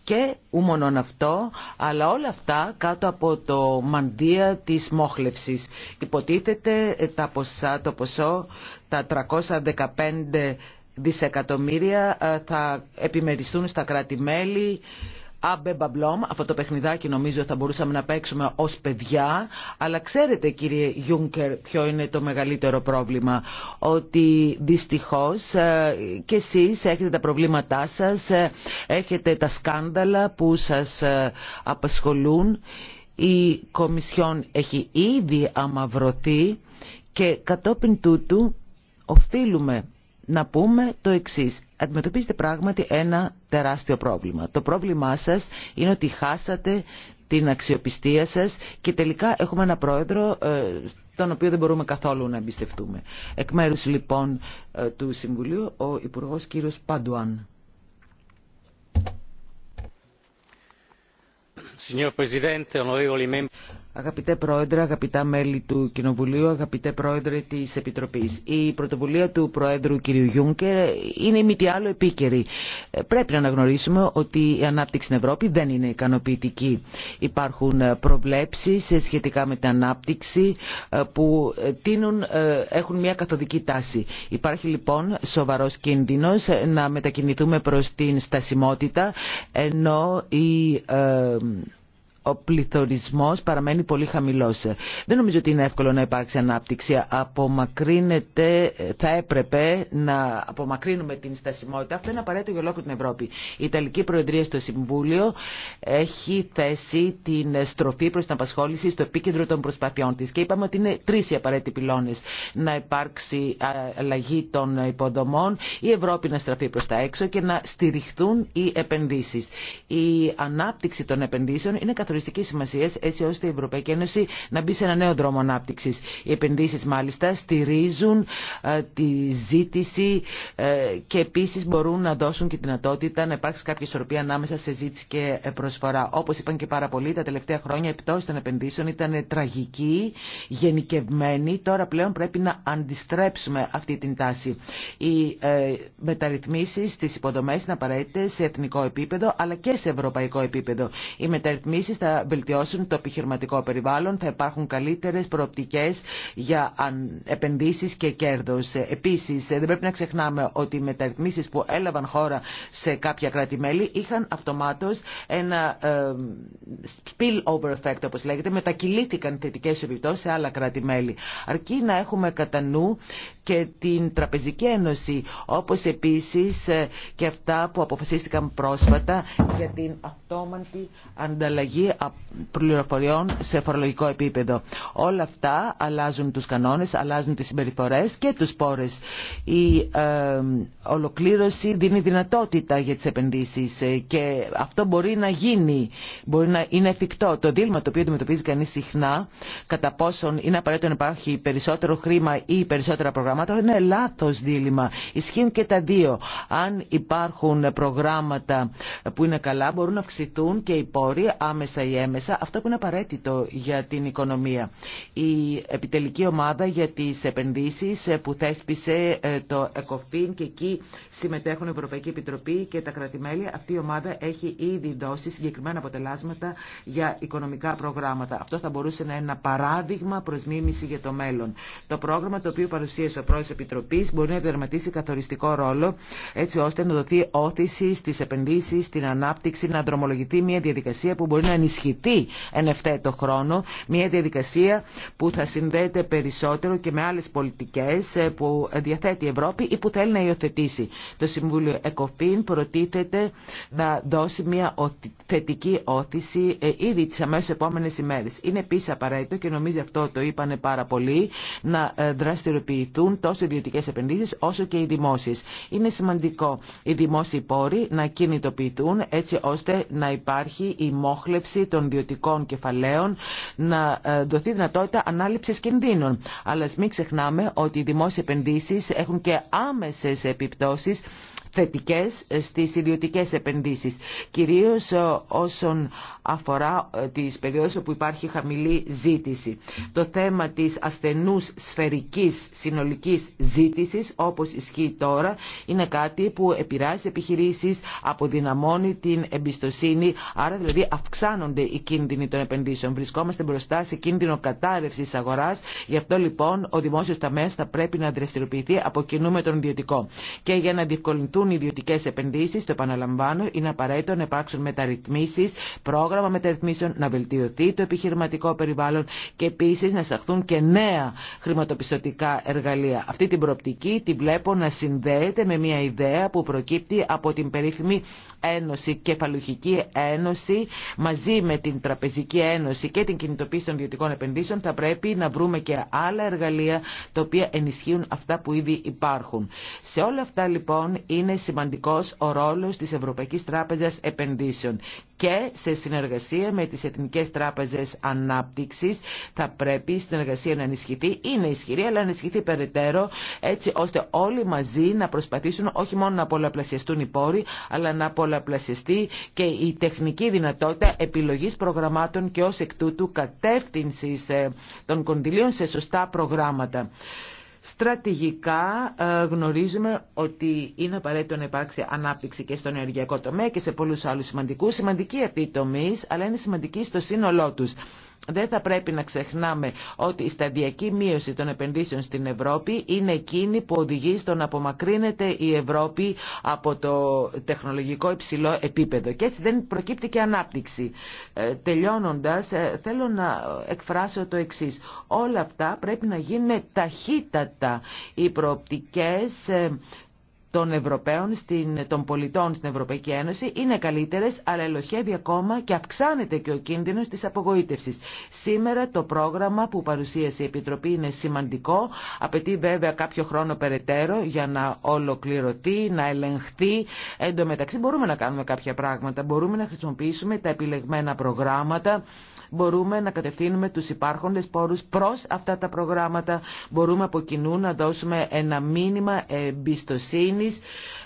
και ούμονον αυτό, αλλά όλα αυτά κάτω από το μανδύα της μόχλευσης. Υποτίθεται ε, τα ποσά, το ποσό, τα 315 δισεκατομμύρια ε, θα επιμεριστούν στα κράτη-μέλη Αμπεμπαμπλόμ, αυτό το παιχνιδάκι νομίζω θα μπορούσαμε να παίξουμε ως παιδιά, αλλά ξέρετε κύριε Γιούνκερ ποιο είναι το μεγαλύτερο πρόβλημα, ότι δυστυχώς ε, και εσείς έχετε τα προβλήματά σας, ε, έχετε τα σκάνδαλα που σας ε, απασχολούν, η Κομισιόν έχει ήδη αμαυρωθεί και κατόπιν τούτου οφείλουμε να πούμε το εξής αντιμετωπίζετε πράγματι ένα τεράστιο πρόβλημα. Το πρόβλημά σας είναι ότι χάσατε την αξιοπιστία σας και τελικά έχουμε ένα πρόεδρο ε, τον οποίο δεν μπορούμε καθόλου να εμπιστευτούμε. Εκ μέρους λοιπόν ε, του Συμβουλίου, ο Υπουργός κύριος Παντουάν. Αγαπητέ Πρόεδρε, αγαπητά μέλη του Κοινοβουλίου, αγαπητέ Πρόεδρε της Επιτροπής. Η πρωτοβουλία του Προέδρου κ. Γιούγκερ είναι μη τι άλλο επίκαιρη. Ε, πρέπει να αναγνωρίσουμε ότι η ανάπτυξη στην Ευρώπη δεν είναι ικανοποιητική. Υπάρχουν ε, προβλέψεις ε, σχετικά με την ανάπτυξη που έχουν μια καθοδική τάση. Υπάρχει λοιπόν σοβαρός κίνδυνος να μετακινηθούμε προς την στασιμότητα ενώ η ο πληθωρισμός παραμένει πολύ χαμηλός. Δεν νομίζω ότι είναι εύκολο να υπάρξει ανάπτυξη. Απομακρύνεται, θα έπρεπε να απομακρύνουμε την στασιμότητα. Αυτό είναι απαραίτητο για ολόκληρη την Ευρώπη. Η Ιταλική Προεδρία στο Συμβούλιο έχει θέσει την στροφή προς την απασχόληση στο επίκεντρο των προσπαθειών της. Και είπαμε ότι είναι τρεις οι απαραίτητοι πυλώνες. Να υπάρξει αλλαγή των υποδομών, η Ευρώπη να στραφεί προς τα έξω και να στηριχθούν οι επενδύσεις. Η ανάπτυξη των επενδύσεων είναι καθοριστική καθοριστική σημασία έτσι ώστε η Ευρωπαϊκή Ένωση να μπει σε ένα νέο δρόμο ανάπτυξη. Οι επενδύσει μάλιστα στηρίζουν ε, τη ζήτηση ε, και επίση μπορούν να δώσουν και τη δυνατότητα να υπάρξει κάποια ισορροπία ανάμεσα σε ζήτηση και ε, προσφορά. Όπω είπαν και πάρα πολλοί, τα τελευταία χρόνια η πτώση των επενδύσεων ήταν τραγική, γενικευμένη. Τώρα πλέον πρέπει να αντιστρέψουμε αυτή την τάση. Οι μεταρρυθμίσει στι υποδομέ είναι απαραίτητε σε εθνικό επίπεδο αλλά και σε ευρωπαϊκό επίπεδο. Οι μεταρρυθμίσει θα βελτιώσουν το επιχειρηματικό περιβάλλον, θα υπάρχουν καλύτερες προοπτικές για επενδύσεις και κέρδος. Επίσης, δεν πρέπει να ξεχνάμε ότι οι μεταρρυθμίσεις που έλαβαν χώρα σε κάποια κράτη-μέλη είχαν αυτομάτως ένα spill-over effect, όπως λέγεται, μετακυλήθηκαν θετικές επιπτώσεις σε άλλα κράτη-μέλη. Αρκεί να έχουμε κατά νου και την Τραπεζική Ένωση, όπως επίσης ε, και αυτά που αποφασίστηκαν πρόσφατα για την αυτόμαντη ανταλλαγή πληροφοριών σε φορολογικό επίπεδο. Όλα αυτά αλλάζουν τους κανόνες, αλλάζουν τις συμπεριφορές και τους πόρες. Η ε, ολοκλήρωση δίνει δυνατότητα για τις επενδύσεις ε, και αυτό μπορεί να γίνει, μπορεί να είναι εφικτό. Το δίλημα το οποίο αντιμετωπίζει κανείς συχνά, κατά πόσον είναι απαραίτητο να υπάρχει περισσότερο χρήμα ή περισσότερα προγράμματα, είναι λάθος δίλημα. Ισχύουν και τα δύο. Αν υπάρχουν προγράμματα που είναι καλά, μπορούν να αυξηθούν και οι πόροι άμεσα ή έμεσα αυτό που είναι απαραίτητο για την οικονομία. Η επιτελική ομάδα για τις επενδύσεις ε, που θέσπισε ε, το ΕΚΟΦΗΝ και εκεί συμμετέχουν η Ευρωπαϊκή Επιτροπή και τα κρατημέλη. Αυτή η ομάδα έχει ήδη δώσει συγκεκριμένα αποτελάσματα για οικονομικά προγράμματα. Αυτό θα μπορούσε να είναι ένα παράδειγμα προς μίμηση για το μέλλον. Το πρόγραμμα το οποίο παρουσίασε ο πρόεδρος Επιτροπής μπορεί να δερματίσει καθοριστικό ρόλο έτσι ώστε να δοθεί όθηση στις επενδύσεις, στην ανάπτυξη, να δρομολογηθεί μια διαδικασία που μπορεί να ενισχυθεί εν ευθέτω χρόνο μια διαδικασία που θα συνδέεται περισσότερο και με άλλες πολιτικές ε, που διαθέτει η Ευρώπη ή που θέλει να υιοθετήσει. Το Συμβούλιο ΕΚΟΦΗΝ προτίθεται να δώσει μια θετική όθηση ε, ήδη τις αμέσως επόμενες ημέρες. Είναι επίση απαραίτητο και νομίζω αυτό το είπανε πάρα πολύ να ε, δραστηριοποιηθούν τόσο ιδιωτικές επενδύσεις όσο και οι δημόσιες. Είναι σημαντικό οι δημόσιοι πόροι να κινητοποιηθούν έτσι ώστε να υπάρχει η μόχλευση των ιδιωτικών κεφαλαίων να ε, δοθεί δυνατότητα ανάληψης κινδύνων. Αλλά μην ξεχνάμε ότι οι δημόσιες επενδύσεις έχουν και άμεσες επιπτώσεις θετικές στις ιδιωτικές επενδύσεις, κυρίως ε, όσον αφορά ε, τις περιόδους όπου υπάρχει χαμηλή ζήτηση. Το θέμα της ασθενούς σφαιρικής συνολικής ζήτησης, όπως ισχύει τώρα, είναι κάτι που επηρεάζει επιχειρήσεις, αποδυναμώνει την εμπιστοσύνη, άρα δηλαδή αυξάνονται οι κίνδυνοι των επενδύσεων. Βρισκόμαστε μπροστά σε κίνδυνο κατάρρευσης αγορά, γι' αυτό λοιπόν ο δημόσιο ταμέας θα πρέπει να δραστηριοποιηθεί από κοινού με τον ιδιωτικό. Και για να υπάρχουν ιδιωτικέ επενδύσει, το επαναλαμβάνω, είναι απαραίτητο να υπάρξουν μεταρρυθμίσει, πρόγραμμα μεταρρυθμίσεων, να βελτιωθεί το επιχειρηματικό περιβάλλον και επίση να εισαχθούν και νέα χρηματοπιστωτικά εργαλεία. Αυτή την προοπτική τη βλέπω να συνδέεται με μια ιδέα που προκύπτει από την περίφημη Ένωση, Κεφαλουχική Ένωση, μαζί με την Τραπεζική Ένωση και την κινητοποίηση των ιδιωτικών επενδύσεων. Θα πρέπει να βρούμε και άλλα εργαλεία τα οποία ενισχύουν αυτά που ήδη υπάρχουν. Σε όλα αυτά λοιπόν είναι είναι σημαντικός ο ρόλος της Ευρωπαϊκής Τράπεζας Επενδύσεων και σε συνεργασία με τις Εθνικές Τράπεζες Ανάπτυξης θα πρέπει η συνεργασία να ενισχυθεί. Είναι ισχυρή αλλά να ενισχυθεί περαιτέρω έτσι ώστε όλοι μαζί να προσπαθήσουν όχι μόνο να πολλαπλασιαστούν οι πόροι αλλά να πολλαπλασιαστεί και η τεχνική δυνατότητα επιλογής προγραμμάτων και ως εκ τούτου κατεύθυνση ε, των κονδυλίων σε σωστά προγράμματα. Στρατηγικά ε, γνωρίζουμε ότι είναι απαραίτητο να υπάρξει ανάπτυξη και στον ενεργειακό τομέα και σε πολλούς άλλους σημαντικούς. Σημαντική αυτή η τομή, αλλά είναι σημαντική στο σύνολό τους δεν θα πρέπει να ξεχνάμε ότι η σταδιακή μείωση των επενδύσεων στην Ευρώπη είναι εκείνη που οδηγεί στο να απομακρύνεται η Ευρώπη από το τεχνολογικό υψηλό επίπεδο. Και έτσι δεν προκύπτει και ανάπτυξη. Ε, τελειώνοντας, ε, θέλω να εκφράσω το εξής. Όλα αυτά πρέπει να γίνουν ταχύτατα. Οι προοπτικές ε, των Ευρωπαίων, στην, των πολιτών στην Ευρωπαϊκή Ένωση είναι καλύτερες, αλλά ελοχεύει ακόμα και αυξάνεται και ο κίνδυνος της απογοήτευσης. Σήμερα το πρόγραμμα που παρουσίασε η Επιτροπή είναι σημαντικό, απαιτεί βέβαια κάποιο χρόνο περαιτέρω για να ολοκληρωθεί, να ελεγχθεί. Εν τω μεταξύ μπορούμε να κάνουμε κάποια πράγματα, μπορούμε να χρησιμοποιήσουμε τα επιλεγμένα προγράμματα, μπορούμε να κατευθύνουμε τους υπάρχοντες πόρους προς αυτά τα προγράμματα, μπορούμε από κοινού να δώσουμε ένα μήνυμα εμπιστοσύνη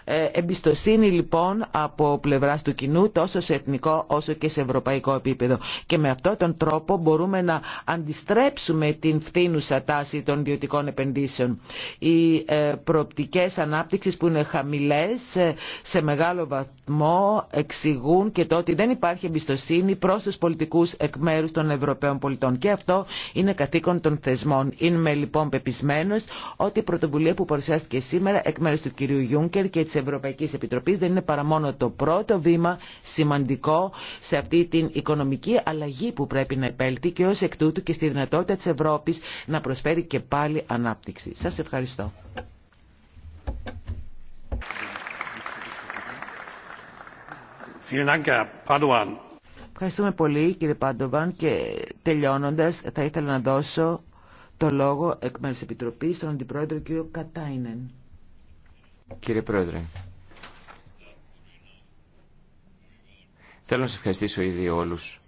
ε, εμπιστοσύνη λοιπόν από πλευρά του κοινού τόσο σε εθνικό όσο και σε ευρωπαϊκό επίπεδο. Και με αυτόν τον τρόπο μπορούμε να αντιστρέψουμε την φθήνουσα τάση των ιδιωτικών επενδύσεων. Οι ε, προοπτικές ανάπτυξης που είναι χαμηλές ε, σε μεγάλο βαθμό εξηγούν και το ότι δεν υπάρχει εμπιστοσύνη προς τους πολιτικούς εκ μέρους των Ευρωπαίων πολιτών. Και αυτό είναι καθήκον των θεσμών. Είμαι λοιπόν πεπισμένος ότι η πρωτοβουλία που παρουσιάστηκε σήμερα εκ του κυρίου κυρίου Γιούνκερ και της Ευρωπαϊκής Επιτροπής δεν είναι παρά μόνο το πρώτο βήμα σημαντικό σε αυτή την οικονομική αλλαγή που πρέπει να επέλθει και ως εκ τούτου και στη δυνατότητα της Ευρώπης να προσφέρει και πάλι ανάπτυξη. Σας ευχαριστώ. Ευχαριστούμε πολύ κύριε Πάντοβαν και τελειώνοντας θα ήθελα να δώσω το λόγο εκ μέρους Επιτροπής στον Αντιπρόεδρο κύριο Κατάινεν. Κύριε Πρόεδρε, θέλω να σας ευχαριστήσω ήδη όλους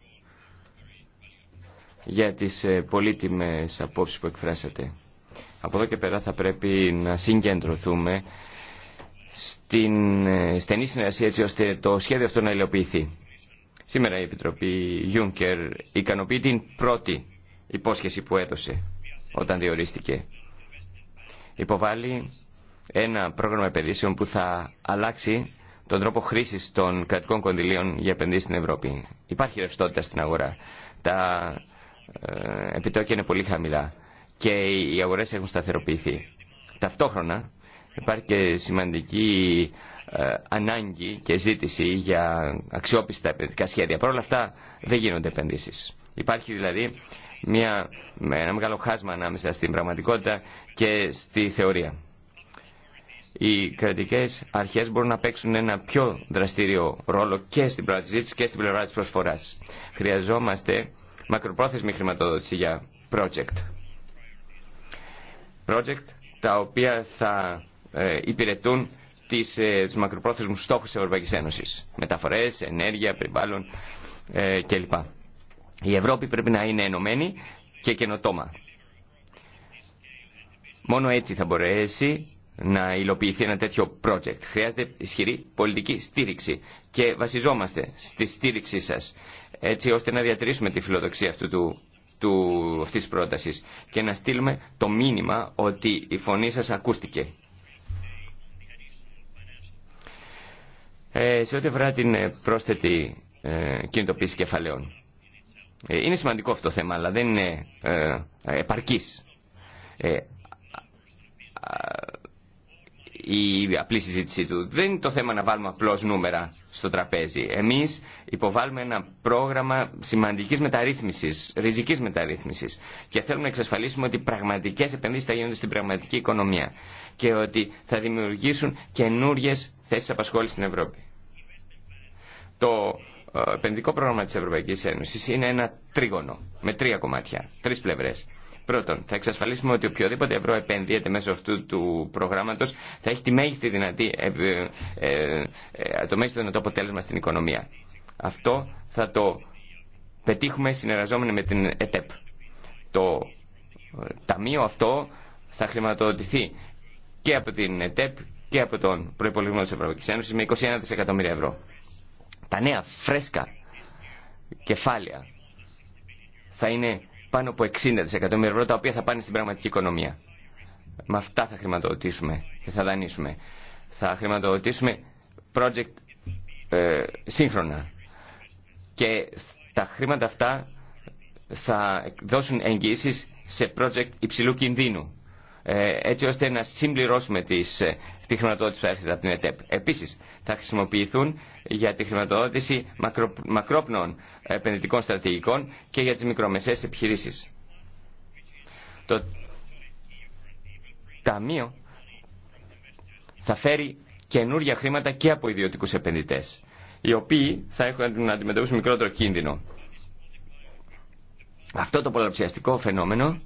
για τις ε, πολύτιμες απόψεις που εκφράσατε. Από εδώ και πέρα θα πρέπει να συγκεντρωθούμε στην ε, στενή συνεργασία έτσι ώστε το σχέδιο αυτό να υλοποιηθεί. Σήμερα η Επιτροπή Juncker ικανοποιεί την πρώτη υπόσχεση που έδωσε όταν διορίστηκε. Υποβάλλει ένα πρόγραμμα επενδύσεων που θα αλλάξει τον τρόπο χρήση των κρατικών κονδυλίων για επενδύσει στην Ευρώπη. Υπάρχει ρευστότητα στην αγορά. Τα ε, επιτόκια είναι πολύ χαμηλά και οι αγορέ έχουν σταθεροποιηθεί. Ταυτόχρονα υπάρχει και σημαντική ε, ανάγκη και ζήτηση για αξιόπιστα επενδυτικά σχέδια. Παρ' όλα αυτά δεν γίνονται επενδύσει. Υπάρχει δηλαδή ένα μεγάλο χάσμα ανάμεσα στην πραγματικότητα και στη θεωρία οι κρατικέ αρχές μπορούν να παίξουν ένα πιο δραστήριο ρόλο και στην πλευρά τη ζήτηση και στην πλευρά τη προσφοράς. Χρειαζόμαστε μακροπρόθεσμη χρηματοδότηση για project. Project τα οποία θα ε, υπηρετούν τις, ε, τους μακροπρόθεσμους στόχους της Ευρωπαϊκής Ένωσης. Μεταφορές, ενέργεια, περιβάλλον ε, κλπ. Η Ευρώπη πρέπει να είναι ενωμένη και καινοτόμα. Μόνο έτσι θα μπορέσει να υλοποιηθεί ένα τέτοιο project. Χρειάζεται ισχυρή πολιτική στήριξη και βασιζόμαστε στη στήριξή σας έτσι ώστε να διατηρήσουμε τη φιλοδοξία αυτού του, του, αυτής της πρότασης και να στείλουμε το μήνυμα ότι η φωνή σας ακούστηκε. Ε, σε ό,τι αφορά την ε, πρόσθετη ε, κινητοποίηση κεφαλαίων. Ε, είναι σημαντικό αυτό το θέμα, αλλά δεν είναι επαρκής η απλή συζήτησή του. Δεν είναι το θέμα να βάλουμε απλώς νούμερα στο τραπέζι. Εμείς υποβάλουμε ένα πρόγραμμα σημαντικής μεταρρύθμισης, ριζικής μεταρρύθμισης και θέλουμε να εξασφαλίσουμε ότι πραγματικέ επενδύσει θα γίνονται στην πραγματική οικονομία και ότι θα δημιουργήσουν καινούριε θέσεις απασχόλησης στην Ευρώπη. Το ε, επενδυτικό πρόγραμμα τη Ευρωπαϊκή Ένωση είναι ένα τρίγωνο με τρία κομμάτια, τρει πλευρέ. Πρώτον, θα εξασφαλίσουμε ότι οποιοδήποτε ευρώ επενδύεται μέσω αυτού του προγράμματο θα έχει τη μέγιστη δυνατή, ε, ε, ε, το μέγιστο δυνατό αποτέλεσμα στην οικονομία. Αυτό θα το πετύχουμε συνεργαζόμενοι με την ΕΤΕΠ. Το ταμείο αυτό θα χρηματοδοτηθεί και από την ΕΤΕΠ και από τον προπολογισμό τη Ευρωπαϊκή Ένωση με 21 δισεκατομμύρια ευρώ. Τα νέα φρέσκα κεφάλαια θα είναι πάνω από 60 δισεκατομμύρια ευρώ τα οποία θα πάνε στην πραγματική οικονομία. Με αυτά θα χρηματοδοτήσουμε και θα δανείσουμε. Θα χρηματοδοτήσουμε project ε, σύγχρονα. Και τα χρήματα αυτά θα δώσουν εγγυήσεις σε project υψηλού κινδύνου ε, έτσι ώστε να συμπληρώσουμε τις, ε, τη χρηματοδότηση που θα από την ΕΤΕΠ. Επίσης, θα χρησιμοποιηθούν για τη χρηματοδότηση μακρο, μακρόπνοων επενδυτικών στρατηγικών και για τις μικρομεσαίες επιχειρήσεις. Το Ταμείο θα φέρει καινούργια χρήματα και από ιδιωτικούς επενδυτές, οι οποίοι θα έχουν να αντιμετωπίσουν μικρότερο κίνδυνο. Αυτό το πολλαπλασιαστικό φαινόμενο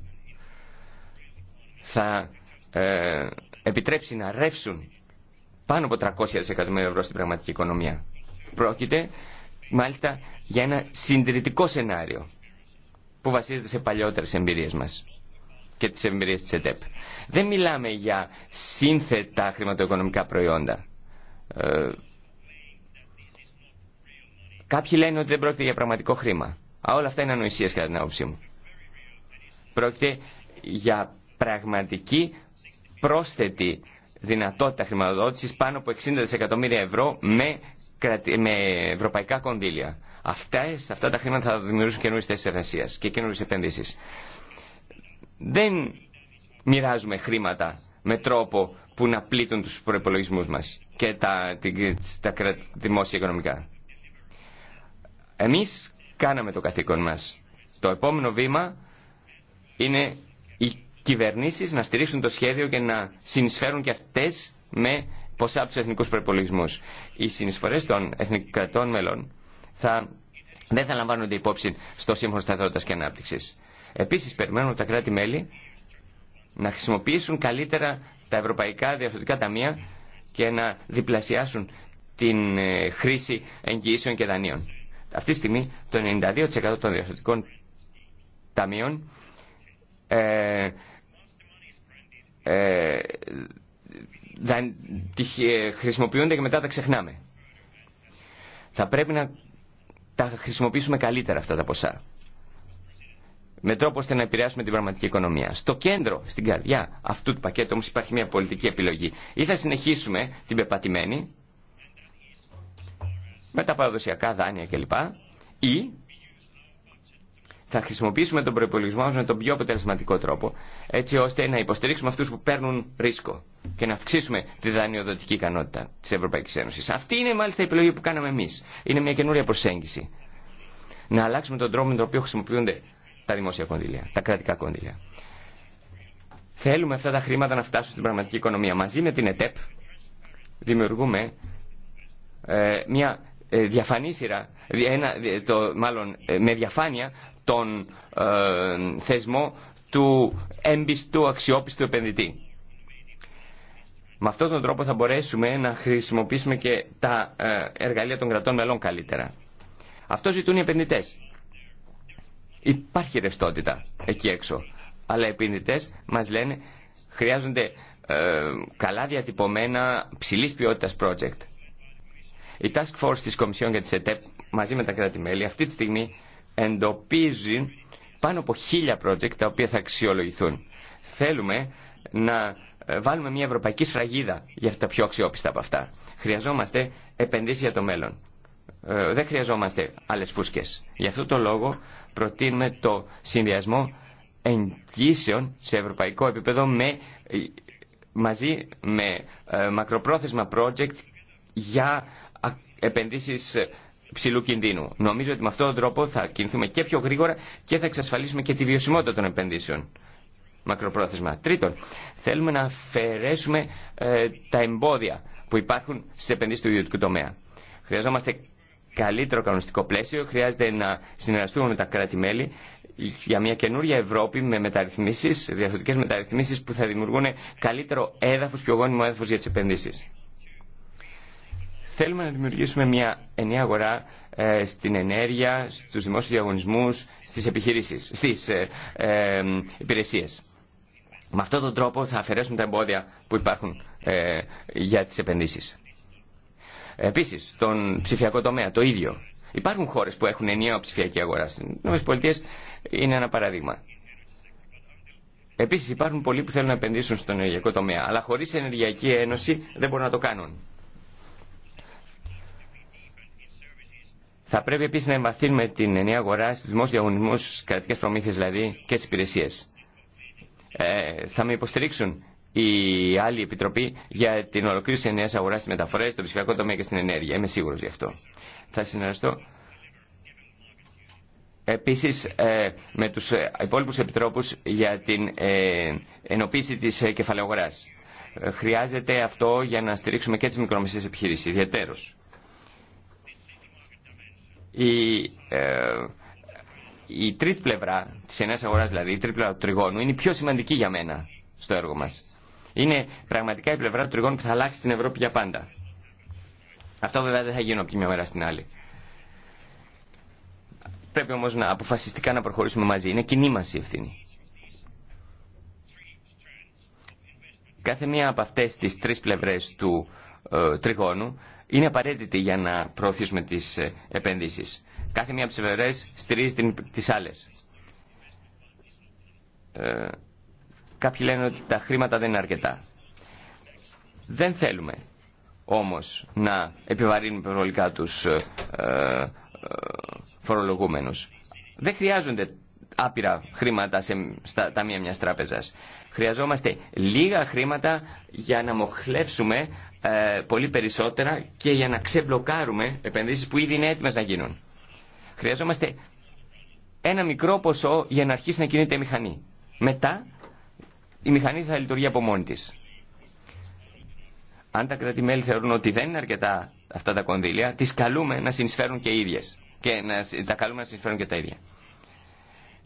θα ε, επιτρέψει να ρεύσουν πάνω από 300 δισεκατομμύρια ευρώ στην πραγματική οικονομία. Πρόκειται μάλιστα για ένα συντηρητικό σενάριο που βασίζεται σε παλιότερες εμπειρίες μας και τις εμπειρίες της ΕΤΕΠ. Δεν μιλάμε για σύνθετα χρηματοοικονομικά προϊόντα. Ε, κάποιοι λένε ότι δεν πρόκειται για πραγματικό χρήμα. Α, όλα αυτά είναι ανοησίες κατά την άποψή μου. Πρόκειται για πραγματική πρόσθετη δυνατότητα χρηματοδότησης πάνω από 60 δισεκατομμύρια ευρώ με, με ευρωπαϊκά κονδύλια. Αυτά, αυτά τα χρήματα θα δημιουργήσουν καινούριε θέσει εργασία και καινούριε επένδυσεις. Δεν μοιράζουμε χρήματα με τρόπο που να πλήττουν τους προπολογισμού μας και τα, τα, δημόσια οικονομικά. Εμείς κάναμε το καθήκον μας. Το επόμενο βήμα είναι κυβερνήσεις να στηρίξουν το σχέδιο και να συνεισφέρουν και αυτές με ποσά από τους εθνικούς προϋπολογισμούς. Οι συνεισφορές των εθνικών κρατών μελών θα, δεν θα λαμβάνονται υπόψη στο Σύμφωνο Σταθερότητας και Ανάπτυξης. Επίσης, περιμένουμε τα κράτη-μέλη να χρησιμοποιήσουν καλύτερα τα ευρωπαϊκά διαφορετικά ταμεία και να διπλασιάσουν την ε, χρήση εγγυήσεων και δανείων. Αυτή τη στιγμή το 92% των διαφορετικών ταμείων ε, ε, ε, χρησιμοποιούνται και μετά τα ξεχνάμε. Θα πρέπει να τα χρησιμοποιήσουμε καλύτερα αυτά τα ποσά. Με τρόπο ώστε να επηρεάσουμε την πραγματική οικονομία. Στο κέντρο, στην καρδιά αυτού του πακέτου όμως υπάρχει μια πολιτική επιλογή. Ή θα συνεχίσουμε την πεπατημένη με τα παραδοσιακά δάνεια κλπ. Ή θα χρησιμοποιήσουμε τον προπολογισμό μα με τον πιο αποτελεσματικό τρόπο, έτσι ώστε να υποστηρίξουμε αυτού που παίρνουν ρίσκο και να αυξήσουμε τη δανειοδοτική ικανότητα τη Ευρωπαϊκή Ένωση. Αυτή είναι μάλιστα η επιλογή που κάναμε εμεί. Είναι μια καινούρια προσέγγιση. Να αλλάξουμε τον τρόπο με τον οποίο χρησιμοποιούνται τα δημόσια κονδύλια, τα κρατικά κονδύλια. Θέλουμε αυτά τα χρήματα να φτάσουν στην πραγματική οικονομία. Μαζί με την ΕΤΕΠ δημιουργούμε ε, μια ε, ένα, το, μάλλον ε, με διαφάνεια τον ε, θεσμό του έμπιστου αξιόπιστου επενδυτή. Με αυτόν τον τρόπο θα μπορέσουμε να χρησιμοποιήσουμε και τα εργαλεία των κρατών μελών καλύτερα. Αυτό ζητούν οι επενδυτέ. Υπάρχει ρευστότητα εκεί έξω. Αλλά οι επενδυτέ μα λένε χρειάζονται καλά διατυπωμένα, ψηλή ποιότητα project. Η Task Force της Κομισιόν για τη ΣΕΤΕΠ μαζί με τα κράτη-μέλη αυτή τη στιγμή εντοπίζει πάνω από χίλια project τα οποία θα αξιολογηθούν. Θέλουμε να ε, βάλουμε μια ευρωπαϊκή σφραγίδα για τα πιο αξιόπιστα από αυτά. Χρειαζόμαστε επενδύσεις για το μέλλον. Ε, δεν χρειαζόμαστε άλλες φούσκες. Γι' αυτό το λόγο προτείνουμε το συνδυασμό εγγύσεων σε ευρωπαϊκό επίπεδο με, ε, μαζί με μακροπρόθεσμα project για επενδύσεις ψηλού κινδύνου. Νομίζω ότι με αυτόν τον τρόπο θα κινηθούμε και πιο γρήγορα και θα εξασφαλίσουμε και τη βιωσιμότητα των επενδύσεων. Μακροπρόθεσμα. Τρίτον, θέλουμε να αφαιρέσουμε ε, τα εμπόδια που υπάρχουν στι επενδύσει του ιδιωτικού τομέα. Χρειαζόμαστε καλύτερο κανονιστικό πλαίσιο, χρειάζεται να συνεργαστούμε με τα κράτη-μέλη για μια καινούρια Ευρώπη με μεταρρυθμίσει, διαφορετικέ μεταρρυθμίσει που θα δημιουργούν καλύτερο έδαφο, πιο γόνιμο έδαφο για τι επενδύσει. Θέλουμε να δημιουργήσουμε μια ενιαία αγορά ε, στην ενέργεια, στους δημόσιους διαγωνισμούς, στις επιχειρήσεις, στις ε, ε, υπηρεσίες. Με αυτόν τον τρόπο θα αφαιρέσουν τα εμπόδια που υπάρχουν ε, για τις επενδύσεις. Επίσης, στον ψηφιακό τομέα το ίδιο. Υπάρχουν χώρες που έχουν ενιαία ψηφιακή αγορά. Στις ΗΠΑ είναι ένα παραδείγμα. Επίσης υπάρχουν πολλοί που θέλουν να επενδύσουν στον ενεργειακό τομέα, αλλά χωρίς ενεργειακή ένωση δεν μπορούν να το κάνουν. Θα πρέπει επίση να εμβαθύνουμε την ενιαία αγορά στου δημόσιου διαγωνισμού, στι κρατικέ προμήθειε δηλαδή και στι υπηρεσίε. Ε, θα με υποστηρίξουν η άλλη επιτροπή για την ολοκλήρωση τη ενιαία αγορά στι μεταφορέ, στον ψηφιακό τομέα και στην ενέργεια. Είμαι σίγουρο γι' αυτό. Θα συνεργαστώ επίση ε, με του ε, υπόλοιπου επιτρόπου για την ε, ενοποίηση τη ε, κεφαλαιογορά. Χρειάζεται αυτό για να στηρίξουμε και τι μικρομεσαίε επιχειρήσει, ιδιαίτερω. Ε, η, τρίτη πλευρά της ενέας αγοράς, δηλαδή η τρίτη πλευρά του τριγώνου, είναι η πιο σημαντική για μένα στο έργο μας. Είναι πραγματικά η πλευρά του τριγώνου που θα αλλάξει την Ευρώπη για πάντα. Αυτό βέβαια δεν θα γίνει από τη μια μέρα στην άλλη. Πρέπει όμως να αποφασιστικά να προχωρήσουμε μαζί. Είναι κοινή μας η ευθύνη. Κάθε μία από αυτές τις τρεις πλευρές του ε, τριγώνου είναι απαραίτητη για να προωθήσουμε τις ε, επενδύσεις. Κάθε μία από τι πλευρέ στηρίζει τις άλλε. Ε, κάποιοι λένε ότι τα χρήματα δεν είναι αρκετά. Δεν θέλουμε όμως να επιβαρύνουμε υπερβολικά τους ε, ε φορολογούμενους. Δεν χρειάζονται άπειρα χρήματα σε, στα ταμεία μιας τράπεζας. Χρειαζόμαστε λίγα χρήματα για να μοχλεύσουμε ε, πολύ περισσότερα και για να ξεμπλοκάρουμε επενδύσεις που ήδη είναι έτοιμες να γίνουν. Χρειαζόμαστε ένα μικρό ποσό για να αρχίσει να κινείται η μηχανή. Μετά η μηχανή θα λειτουργεί από μόνη της. Αν τα κρατημέλη θεωρούν ότι δεν είναι αρκετά αυτά τα κονδύλια, τις καλούμε να συνεισφέρουν και οι ίδιες και να, τα καλούμε να συνεισφέρουν και τα ίδια.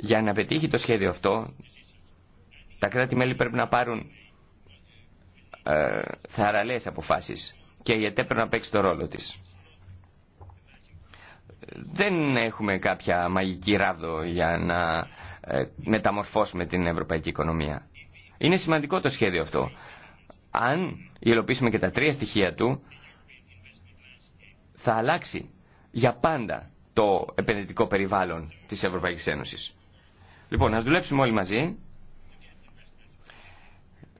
Για να πετύχει το σχέδιο αυτό, τα κράτη-μέλη πρέπει να πάρουν ε, θαραλέες αποφάσεις και η ΕΤΕ πρέπει να παίξει το ρόλο της. Δεν έχουμε κάποια μαγική ράδο για να ε, μεταμορφώσουμε την ευρωπαϊκή οικονομία. Είναι σημαντικό το σχέδιο αυτό. Αν υλοποιήσουμε και τα τρία στοιχεία του, θα αλλάξει για πάντα το επενδυτικό περιβάλλον της Ευρωπαϊκής Ένωσης. Λοιπόν, ας δουλέψουμε όλοι μαζί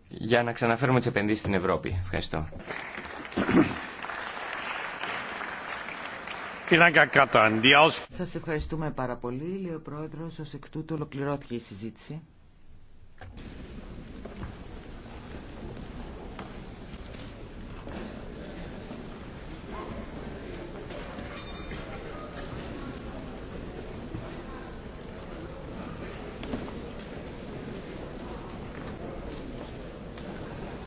για να ξαναφέρουμε τις επενδύσεις στην Ευρώπη. Ευχαριστώ. Σας ευχαριστούμε πάρα πολύ, λέει ο Πρόεδρος. Ως εκ τούτου ολοκληρώθηκε η συζήτηση.